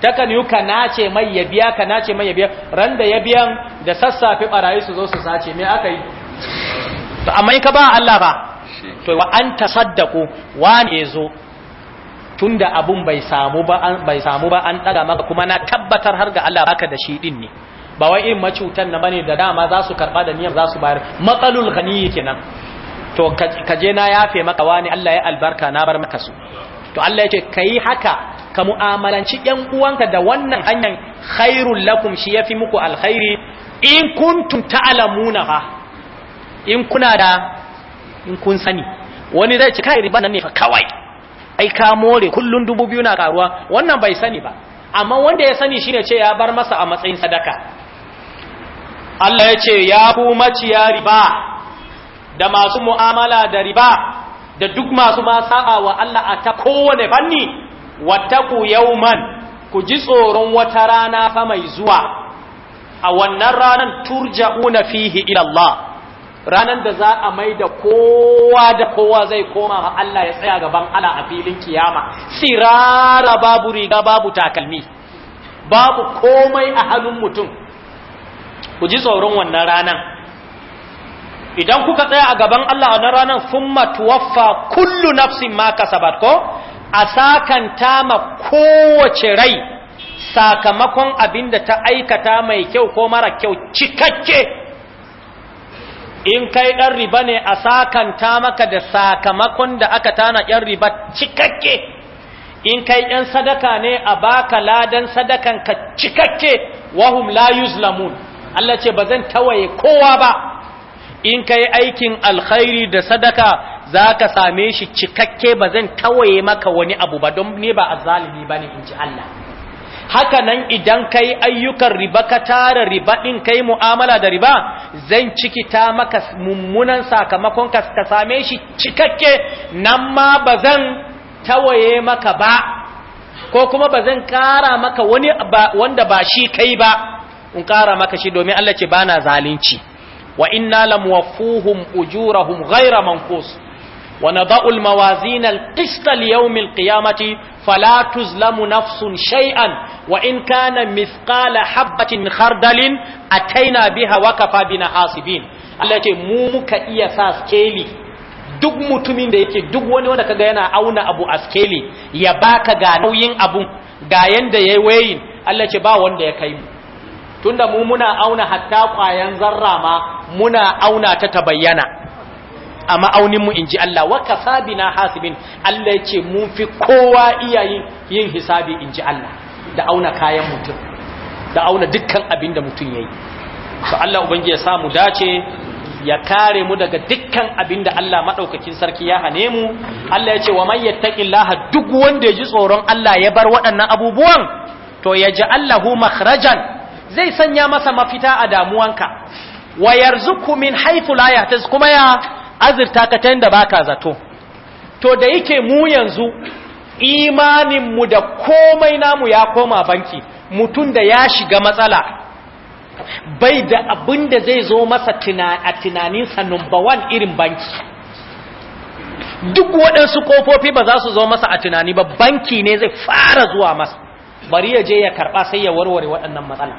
takan yi ka nace mai ya biya ka nace mai ya biya ran da ya biyan da sassafe barayi su zo su sace me aka yi to amma in ka ba Allah ba to wa an wa ne zo? tunda abun bai samu ba bai samu ba an daga maka kuma na tabbatar har ga Allah baka da shi din ne ba wai irin macutan na bane da dama za su karba da niyyar za su bayar matsalul ghani kenan to ka je na yafe maka wani Allah ya albarka na bar maka su to Allah yake kai haka ka mu'amalanci yan uwanka da wannan hanyar khairul lakum shi yafi muku alkhairi in kuntum ta'lamuna ha in kuna da in kun sani wani zai ce kai riba nan ne fa kawai ai ka more kullun dubu biyu na karuwa wannan bai sani ba amma wanda ya sani shine ce ya bar masa a matsayin sadaka Allah ya ce ya ku maciya riba da masu mu'amala da riba da duk masu ma sa'a wa Allah a ta kowane banni fanni yau man ku ji tsoron wata rana fa mai zuwa a wannan ranan una fihi ila Allah ranan da za a mai da kowa da kowa zai koma ma Allah ya tsaya gaban ala a filin kiyama sirara babu riga babu takalmi babu komai a hannun mutum ku ji tsoron wannan ranan idan kuka tsaya a gaban Allah a wannan ranan sun tuwaffa kullu nafsin ma kasabat ko a sakanta ma kowace rai sakamakon abin da ta aikata mai kyau ko mara kyau cikakke in kai ɗan riba ne a sakanta maka da sakamakon da aka tana ɗan riba cikakke in kai ɗan sadaka ne a baka ladan sadakan ka cikakke wahum la yuzlamun Allah ce ba zan tawaye kowa ba in ka yi aikin alkhairi da sadaka za ka same shi cikakke ba zan tawaye maka wani abu ba don ne ba azalimi ba ne in ji Allah haka nan idan ka yi ayyukan riba ka tara riba ɗin ka yi mu'amala da riba zan cikita maka mummunan sakamakon ka same shi cikakke nan ma ba zan tawaye maka ba ko kuma ba zan ƙara maka wani wanda ba shi kai ba in ƙara maka shi domin Allah ce bana zalunci wa inna lamuwaffuhum ujurahum ghayra mankos wa nada'u al-mawazin al-qist li-yawm qiyamati nafsun shay'an wa in kana mithqala hardalin a ataina biha wa kafa bina asibin. Allah ce mu muka iya sa skeli duk mutumin da yake duk wani wanda kaga yana auna abu a skeli ya baka ga nauyin abun ga yanda yayi wayin Allah ce ba wanda ya kai mu tunda mu muna auna hatta ƙwayan zarra ma muna auna ta ta bayyana a ma'auninmu in ji Allah wa sabina bina hasibin Allah ya ce mun fi kowa iya yin hisabi in ji Allah da auna kayan mutum da auna dukkan abin da mutum ya yi to Allah ubangi ya samu dace ya kare mu daga dukkan abin da Allah maɗaukakin sarki ya hane mu Allah ya ce wa man yattaqillaha duk wanda ya ji tsoron Allah ya bar waɗannan abubuwan to ya ji Allahu makhrajan zai sanya masa mafita a damuwanka wa yarzuku min haythu la su kuma ya azirta ka ta baka zato to da yake mu yanzu imanin mu da komai namu ya koma banki mutum da ya shiga matsala bai da abin da zai zo masa a tunaninsa number one irin banki duk waɗansu kofofi ba za su zo masa a tunani ba banki ne zai fara zuwa masa bari ya je ya karba sai ya warware waɗannan matsala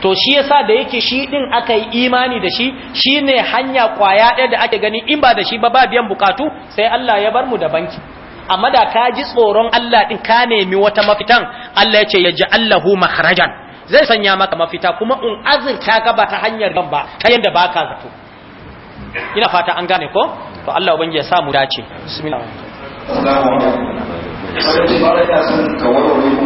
to shi yasa da yake shi din aka yi imani da shi shi ne hanya kwaya ɗaya da ake gani in ba da shi ba ba biyan bukatu sai Allah ya bar mu da banki amma da ka ji tsoron Allah din ka nemi wata mafitan Allah ya ce ya ji Allahu makharajan zai sanya maka mafita kuma in azurta ka gaba ta hanyar ban ba ta yanda ka zato ina fata an gane ko to Allah ubangiji ya sa mu dace bismillah assalamu alaikum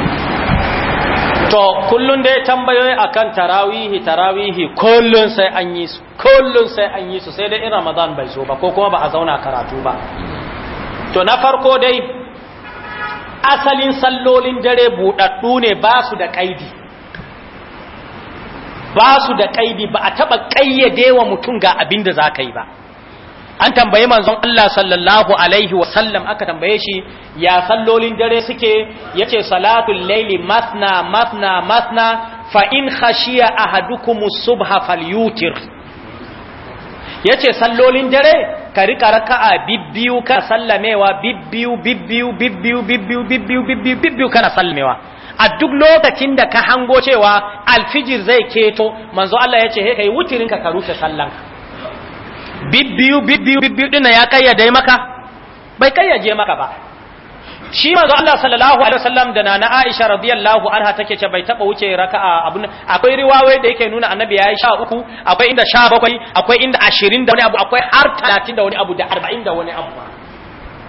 to kullun ya tambayoyi a kan tarawihi tarawihi kullun sai an yi su kullun sai an yi su sai dai in ramadan bai zo ba ko kuma ba a zauna karatu ba to na farko dai asalin sallolin dare budaddu ne ba su da kaidi ba su da kaidi ba a taɓa ƙayyade wa mutum ga abin da za ka yi ba an tambaye manzon Allah sallallahu alaihi wa sallam aka tambaye shi ya sallolin dare suke yace salatul laili masna masna masna fa in khashiya ahadukumus subha falyutir yace sallolin dare ka rika raka'a bibbiyu ka sallamewa bibbiyu bibbiyu bibbiyu bibbiyu bibbiyu bibbiyu bibbiyu kana sallamewa a duk lokacin da ka hango cewa alfijir zai keto manzo Allah yace he kai wutirinka ka rufe sallanka bibbiyu bibbiyu bibbiyu dina ya kayyade maka bai kayyaje maka ba shi manzo Allah sallallahu alaihi wasallam da nana Aisha radiyallahu anha take ce bai taba wuce raka'a abun akwai riwayoyi da yake nuna annabi yayi 13 akwai inda 17 akwai inda 20 da wani abu akwai har 30 da wani abu da 40 da wani abu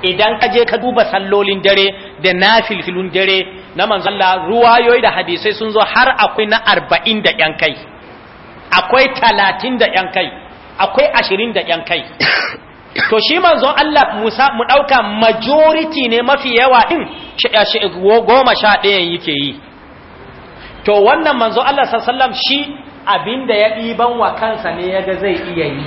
idan ka je ka duba sallolin dare da nafilfilun dare na manzo Allah riwayoyi da hadisai sun zo har akwai na 40 da yan kai akwai 30 da yan kai akwai ashirin da ‘yan kai to shi manzo Allah Musa mu ɗauka majority ne mafi yawa ɗin goma sha ɗaya yake yi to wannan manzo Allah sassallam shi abinda ya ɗiban wa kansa ne ya ga zai iya yi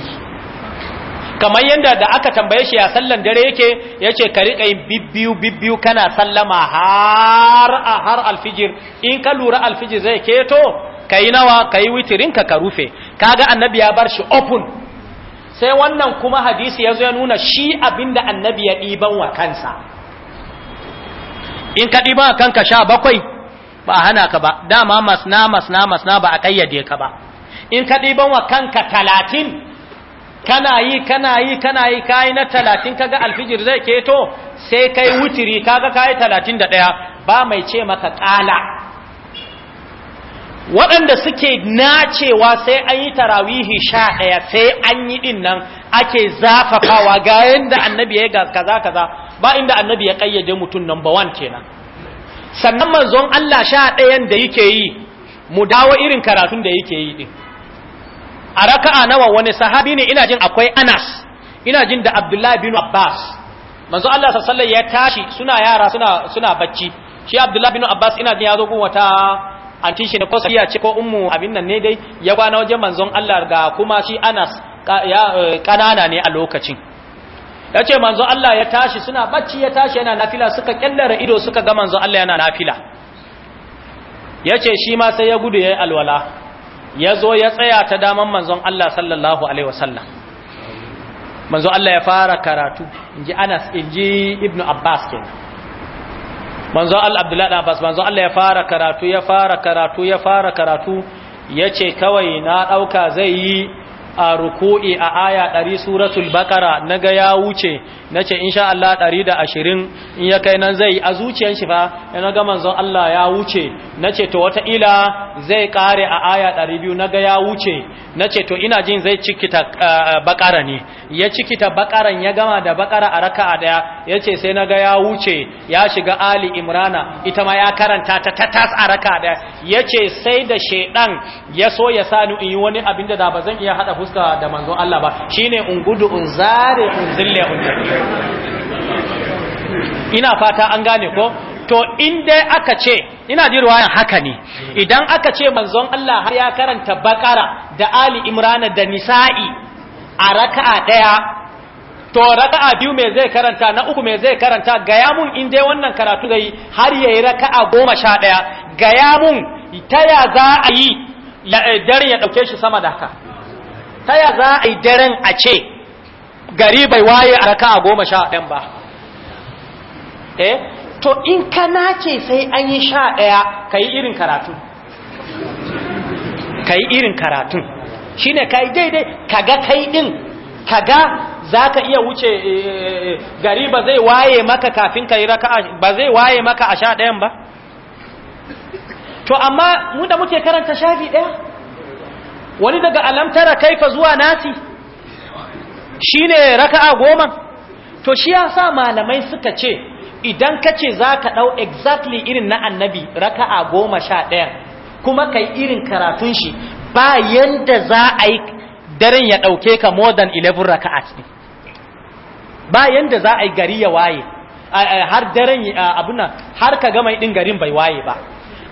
kamar yadda da aka tambaye shi ya sallan dare yake ya ce ka riƙa yin bibbiyu bibbiyu kana sallama har a har alfijir in ka lura alfijir zai keto ka yi nawa ka yi witirinka ka rufe kaga annabi ya bar shi open sai wannan kuma hadisi ya zo ya nuna shi abinda annabi ya ɗiban wa kansa in ka ɗiban kanka sha bakwai ba a hana ka ba dama masna masna masna ba a kayyade ka ba in ka ɗiban wa kanka talatin kana yi kana yi kana yi kayi na talatin kaga alfijir zai keto sai kai wutiri kaga kayi talatin da ɗaya ba mai ce maka ƙala waɗanda suke nacewa sai an yi tarawihi sha ɗaya sai an yi ɗin nan ake zafafawa ga yadda annabi ya ga kaza kaza ba inda annabi ya ƙayyade mutum number one kenan sannan manzon Allah sha ɗayan da yake yi mu dawo irin karatun da yake yi ɗin a raka'a nawa wani sahabi ne ina jin akwai anas ina jin da abdullahi bin abbas manzon Allah sallallahu ya tashi suna yara suna suna bacci shi abdullahi bin abbas ina jin ya zo wata antin shi ne ko safiya ce ko ummu abin nan ne dai ya kwana wajen manzon Allah ga kuma shi Anas kanana eh, ne a lokacin ya ce manzon Allah ya tashi suna bacci ya tashi yana nafila suka kyallara ido suka ga manzon Allah yana nafila ya ce shi ma sai ya gudu ya yi alwala ya zo ya tsaya ta daman manzon Allah sallallahu alaihi wasallam manzon Allah ya fara karatu inji Anas inji Ibn Abbas kenan manzo Allah Abdullahi da Abbas manzo Allah ya fara karatu ya fara karatu ya fara karatu yace kawai na dauka zai yi a ruku'i a aya ɗari suratul bakara na ya wuce na ce insha Allah ɗari da ashirin in ya kai nan zai a zuciyar shi fa ya na manzon Allah ya wuce na ce to ila zai kare a aya ɗari biyu ya wuce na to ina jin zai cikita bakara ne ya cikita bakaran ya gama da bakara a raka'a ɗaya ya sai na ga ya wuce ya shiga Ali Imrana ita ma ya karanta ta tatas a raka'a ɗaya ya sai da shaiɗan ya so ya sani in yi wani abin da ba zan iya haɗa fuska da manzo Allah ba shine ungudu zille unzille unzille ina fata an gane ko to inda dai aka ce ina ji ruwayan haka ne idan aka ce manzon Allah har ya karanta bakara da ali imrana da nisa'i a raka'a daya to raka'a biyu me zai karanta na uku me zai karanta gaya mun inda wannan karatu dai har yayi raka'a goma sha ɗaya mun ta ya za a yi eh, dare ya ɗauke shi sama da haka Taya za a yi daren a ce gari bai waye a raka a goma sha ɗan ba eh to in ka nace sai an yi sha ɗaya ka yi irin karatu ka yi irin karatun shi ne ka yi daidai ka ga kai ɗin ka ga za ka iya wuce eh, eh, eh, gari ba zai waye maka kafin ka yi raka ba zai waye maka a sha ɗayan ba to amma mu da muke karanta shafi ɗaya wani daga alamtara kaifa zuwa nasi shine raka'a goma to shi ya sa malamai suka ce idan ka ce za ka ɗau exactly irin na annabi raka'a goma sha ɗaya kuma kai irin karatun shi ba yanda za a yi daren ya dauke ka more than 11 raka'a ne ba yanda za a yi gari ya waye har daren abuna har ka gama din garin bai waye ba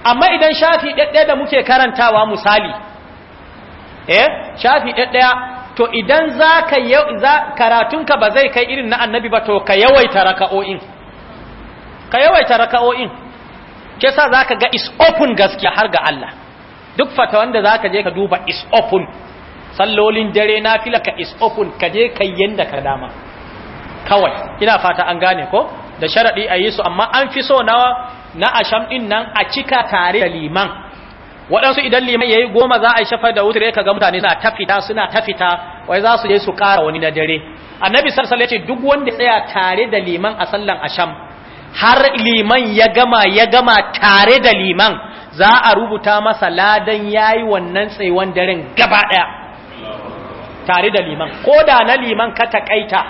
amma idan shafi ɗaya da muke karantawa misali eh shafi ɗaya to idan za ka karatunka ba zai kai irin na annabi ba to ka yawaita raka'o'in ka yawaita raka'o'in ke sa za ka ga is open gaskiya har ga Allah duk fata wanda za ka je ka duba is open sallolin dare na fila ka is open ka je ka yanda ka dama kawai ina fata an gane ko da sharaɗi a yi su amma an fi so na asham ɗin nan a cika tare da liman waɗansu idan liman ya yi goma za a yi shafar da wutar ka kaga mutane suna tafita suna tafita wai za su je su ƙara wani na dare annabi sarsal ya ce duk wanda ya tsaya tare da liman a sallan asham har liman ya gama ya gama tare da liman za a rubuta masa ladan ya yi wannan tsaiwan daren gaba ɗaya tare da liman ko da na liman ka taƙaita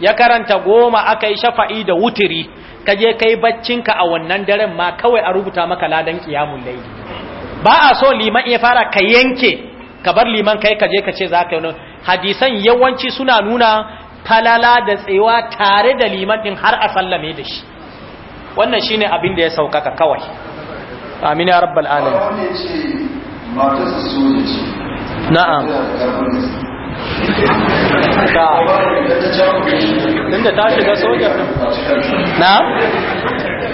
ya karanta goma aka yi shafa'i da wutiri ka je kai baccinka a wannan daren ma kawai a rubuta maka ladan ƙiyamun laifi. ba a so liman ya fara ka yanke ka bar liman kai ka je ka ce za ka yi hadisan yawanci suna nuna falala da tsewa tare da liman din har a sallame da shi wannan shi ne abin da ya saukaka kawai amin ya rabbal alamin na'am da ta shiga soja na?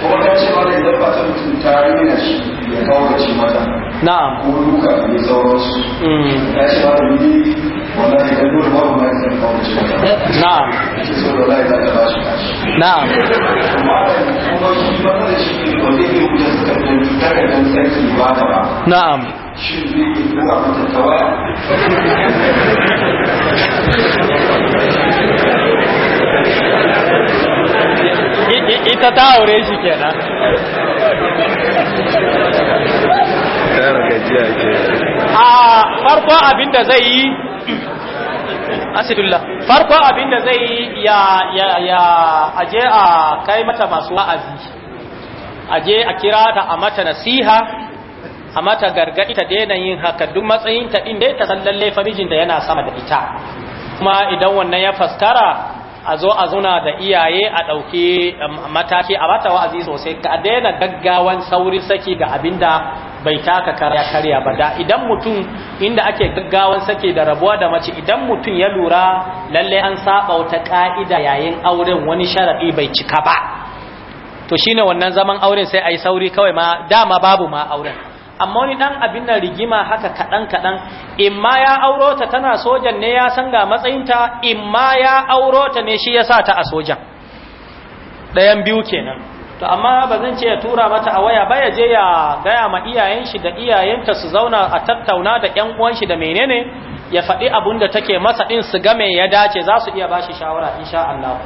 kuma ta ce ba da idan ba ta mutum ta yi na shi ya kawace mata na'am ko duka sauransu mm. ya ce ba dole babu mai zai kawace mata eh, na'am so da lai ba shi na'am kuma shi ba da shi wuce suka ba ta ba na'am shi ne ke ita ta aure shi kenan a farko abinda zai yi asidullah farko abinda zai ya ya ya aje a kai mata masu wa'azi aje a kira ta a mata nasiha a mata gargadi ta daina yin haka duk matsayin ta inda ta sallalle farijin da yana sama da ita kuma idan wannan ya faskara a zo a zuna da iyaye a ɗauki um, mataki a bata wa'azi sosai ka daina gaggawan saurin saki ga abin da bai taka karya karya ba da idan mutum inda ake gaggawan saki da rabuwa da mace idan mutum ya lura lalle an saba wata ka'ida yayin auren wani sharadi bai cika ba to shine wannan zaman auren sai a yi sauri kawai ma dama babu ma auren amma wani dan abin nan rigima haka kaɗan kaɗan in ma ya auro ta tana sojan ne ya san ga matsayinta in ma ya auro ta ne shi ya sa ta a sojan ɗayan biyu kenan to amma ba zan ce ya tura mata a waya ba ya je ya gaya ma iyayen shi da iyayenta su zauna a tattauna da ƴan uwan shi da menene ya faɗi abun da take masa ɗin su game ya dace za su iya bashi shi shawara insha Allah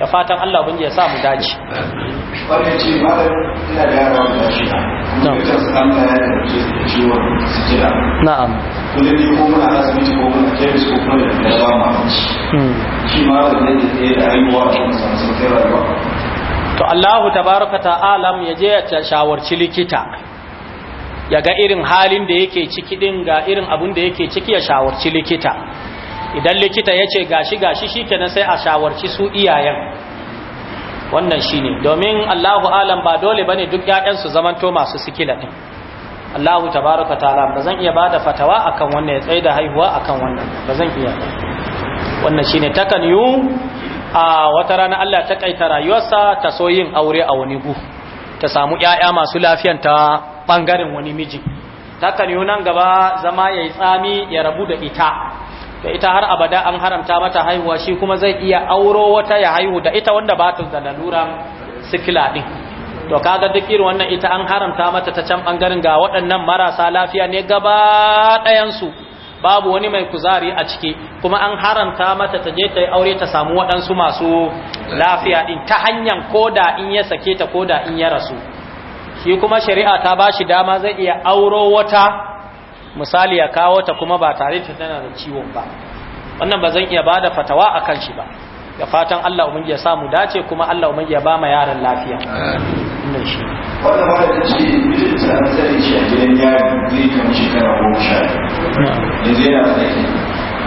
da fatan Allah bin ya sa mu dace wanda ce malam ina da yara wanda shi na'am ta san da yara da ke ciwon sikila na'am to ne ko muna asibiti ko muna kemis ko kuma da ba ma hmm. shi malam ne da ya rayuwa a cikin sansan kai rayuwa to Allahu tabaraka ta'ala ya je ya shawarci likita ya ga irin halin da yake ciki din ga irin abun da yake ciki ya shawarci likita idan likita ya ce gashi gashi shi kenan sai a shawarci su iyayen wannan shi ne domin allahu alam ba dole ba ne duk ‘ya'yansu zamanto masu sikila ɗin allahu tabaraka ta'ala ba zan iya ba da fatawa akan wannan ya tsaye da haihuwa akan wannan ba zan iya wannan shi ne takan yi a wata rana allah ta kaita rayuwarsa ta so yin aure a wani gu ta samu ‘ya'ya masu lafiyan ta bangaren wani mijin takan yi nan gaba zama ya yi tsami ya rabu da ita da ita har abada an haramta mata haihuwa shi kuma zai iya auro wata ya haihu da ita wanda ba ta da laluran sikila din to kaga duk irin wannan ita an haramta mata ta can bangaren ga waɗannan marasa lafiya ne gaba ɗayan su babu wani mai kuzari a ciki kuma an haramta mata ta je ta yi aure ta samu waɗansu masu lafiya din ta hanyar koda in ya sake ta koda in ya rasu shi kuma shari'a ta ba shi dama zai iya auro wata misali ya kawo ta kuma ba tare ta tana da ciwon ba wannan ba zan iya ba da fatawa a kan shi ba ga fatan Allah umarji ya samu dace kuma Allah umarji ya ba ma yaran lafiya wannan shi wannan ba da ce mijin sa sani shi a gidan yari zai kan shekara goma sha yanzu yana tsaki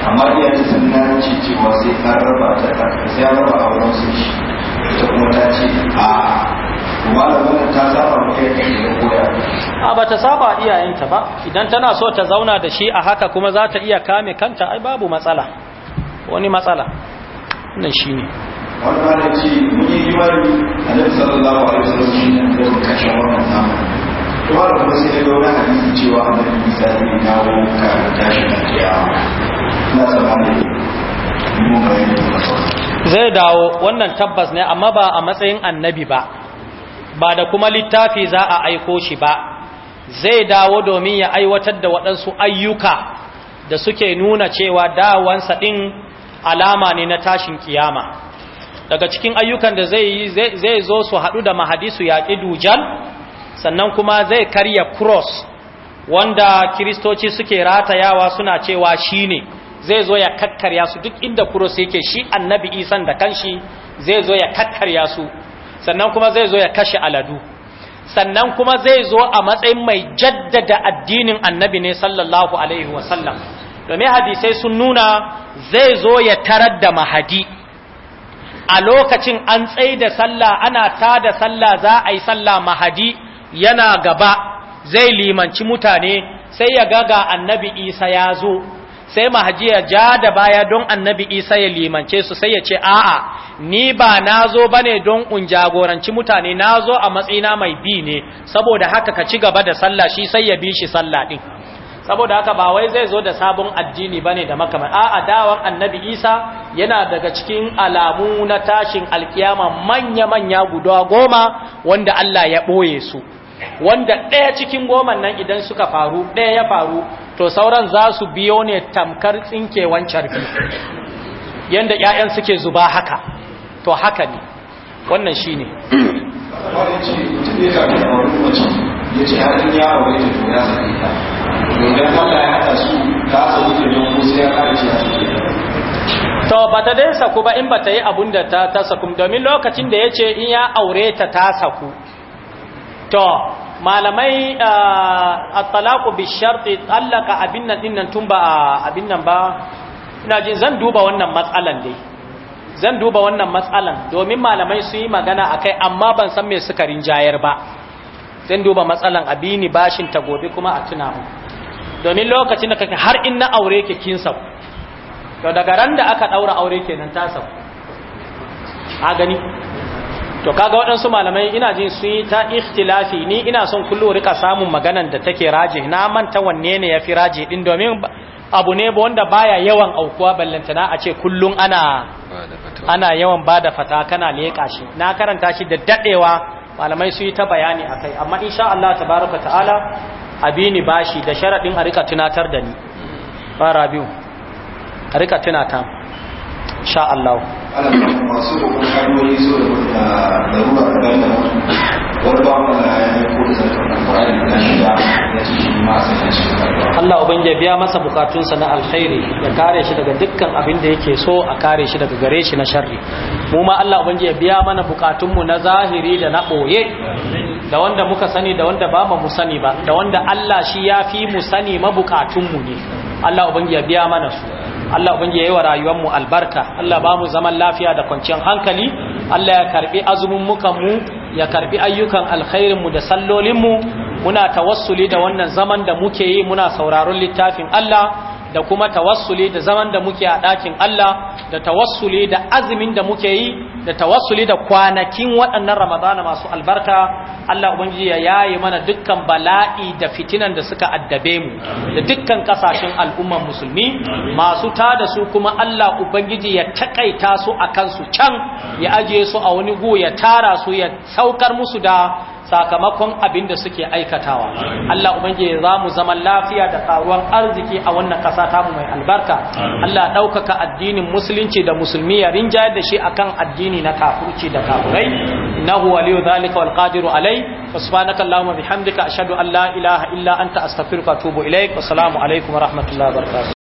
amma iya ta sun na ce cewa sai an raba ta sai ya raba a wurin su shi ta kuma ta ce a a ba ta saba a iyayenta ba idan tana so ta zauna da shi a haka kuma za ta iya kame kanta ai babu matsala wani matsala nan shi ne zai dawo wannan tabbas ne amma ba a matsayin annabi ba ba da kuma littafi za a aiko shi ba zai dawo domin ya aiwatar da waɗansu ayyuka da suke nuna cewa dawansa ɗin alama ne na tashin kiyama daga cikin ayyukan da zai yi zai zo su haɗu da mahadisu yaƙi dujal sannan kuma zai karya cross wanda kiristoci suke ratayawa suna cewa shi ne zai zo ya kakkarya su duk inda cross yake shi annabi isan da kanshi zai zo ya kakkarya su sannan kuma zai zo ya kashe aladu sannan kuma zai zo a matsayin mai jaddada addinin annabi ne sallallahu alaihi wasallam domin hadisai sun nuna zai zo ya tarar da mahadi a lokacin an tsaye da sallah ana ta da sallah za a yi sallah mahadi yana gaba zai limanci mutane sai ya gaga annabi isa ya zo sai mahajiya ja da baya don annabi isa ya limance su sai ya ce a'a ni ba na zo ba ne don in jagoranci mutane na zo a matsina mai bi ne saboda haka ka ci gaba da sallah shi sai ya bi shi sallah ɗin saboda haka ba wai zai zo da sabon addini ba ne da makamai a'a dawan annabi isa yana daga cikin alamu na tashin alkiyama manya-manya guda goma wanda allah ya ɓoye su wanda ɗaya cikin goma nan idan suka faru ɗaya ya faru to sauran za su biyo ne tamkar tsinkewan carbi yadda ‘ya'yan suke zuba haka to haka ne wannan shi ne to ba ta dai saku ba in ba ta yi abun da ta saku domin lokacin da ya ce in ya aure ta ta saku to malamai ah, at-talaqu bi sharti allaka abin nan din nan tun ba ah, abin nan ba ina jin zan duba wannan matsalan dai zan duba wannan matsalan domin malamai su yi magana akai amma ban san me suka rinjayar ba zan duba matsalan abini bashin ta gobe kuma a tuna mu domin lokacin da kake har in na aure ke kin sau to daga ran da aka daura aure kenan ta sau a gani to kaga waɗansu malamai ina jin su yi ta ikhtilafi ni ina son kullu rika samun maganan da take raje na manta wanne ne yafi raje din domin abu ne ba wanda baya yawan aukuwa ballantana a ce kullun ana ana yawan bada fata kana leƙa shi na karanta shi da dadewa malamai su yi ta bayani akai amma insha Allah tabaraka ta'ala abini bashi da sharadin a rika tunatar da ni fara biyu a rika tunata insha Allah ana masu kokon hanyoyi so da da ruwa da gani wani ba mu da ya ko da zaka da Qur'ani da shiga ya ci shi ma sai shi Allah ubangiji biya masa bukatunsa na alkhairi ya kare shi daga dukkan abin da yake so a kare shi daga gare shi na sharri mu ma Allah ubangiji ya biya mana bukatunmu na zahiri da na boye da wanda muka sani da wanda ba mu sani ba da wanda Allah shi ya fi mu sani mabukatunmu ne Allah ubangiji ya biya mana su Allah ubangiji yayi wa rayuwar mu albarka Allah ba mu zaman lafiya da kwanciyar hankali Allah ya karbi azumin mukan mu ya karbi ayyukan alkhairin mu da sallolin mu muna tawassuli da wannan zaman da muke yi muna sauraron littafin Allah da kuma tawassuli da zaman da muke a ɗakin Allah da tawassuli da azumin da muke yi da tawassuli da kwanakin waɗannan ramadana masu albarka Allah ubangiji ya yaye mana dukkan bala'i da fitinan da suka addabe mu da dukkan ƙasashen al'umman musulmi masu ta da su kuma Allah ubangiji ya takaita su a kansu can ya ajiye su a wani gu ya tara su ya saukar musu da sakamakon abin da suke aikatawa Allah ubangiji za mu zaman lafiya da karuwan arziki a wannan ƙasa tamu mai albarka Allah ɗaukaka addinin musulunci da musulmi ya rinjayar da shi akan addini na kafurci da kafurai innahu waliyu zalika wal qadiru alai wa subhanaka allahumma bihamdika ashhadu an la ilaha illa anta astaghfiruka wa atubu ilaik wa assalamu alaikum wa rahmatullahi wa barakatuh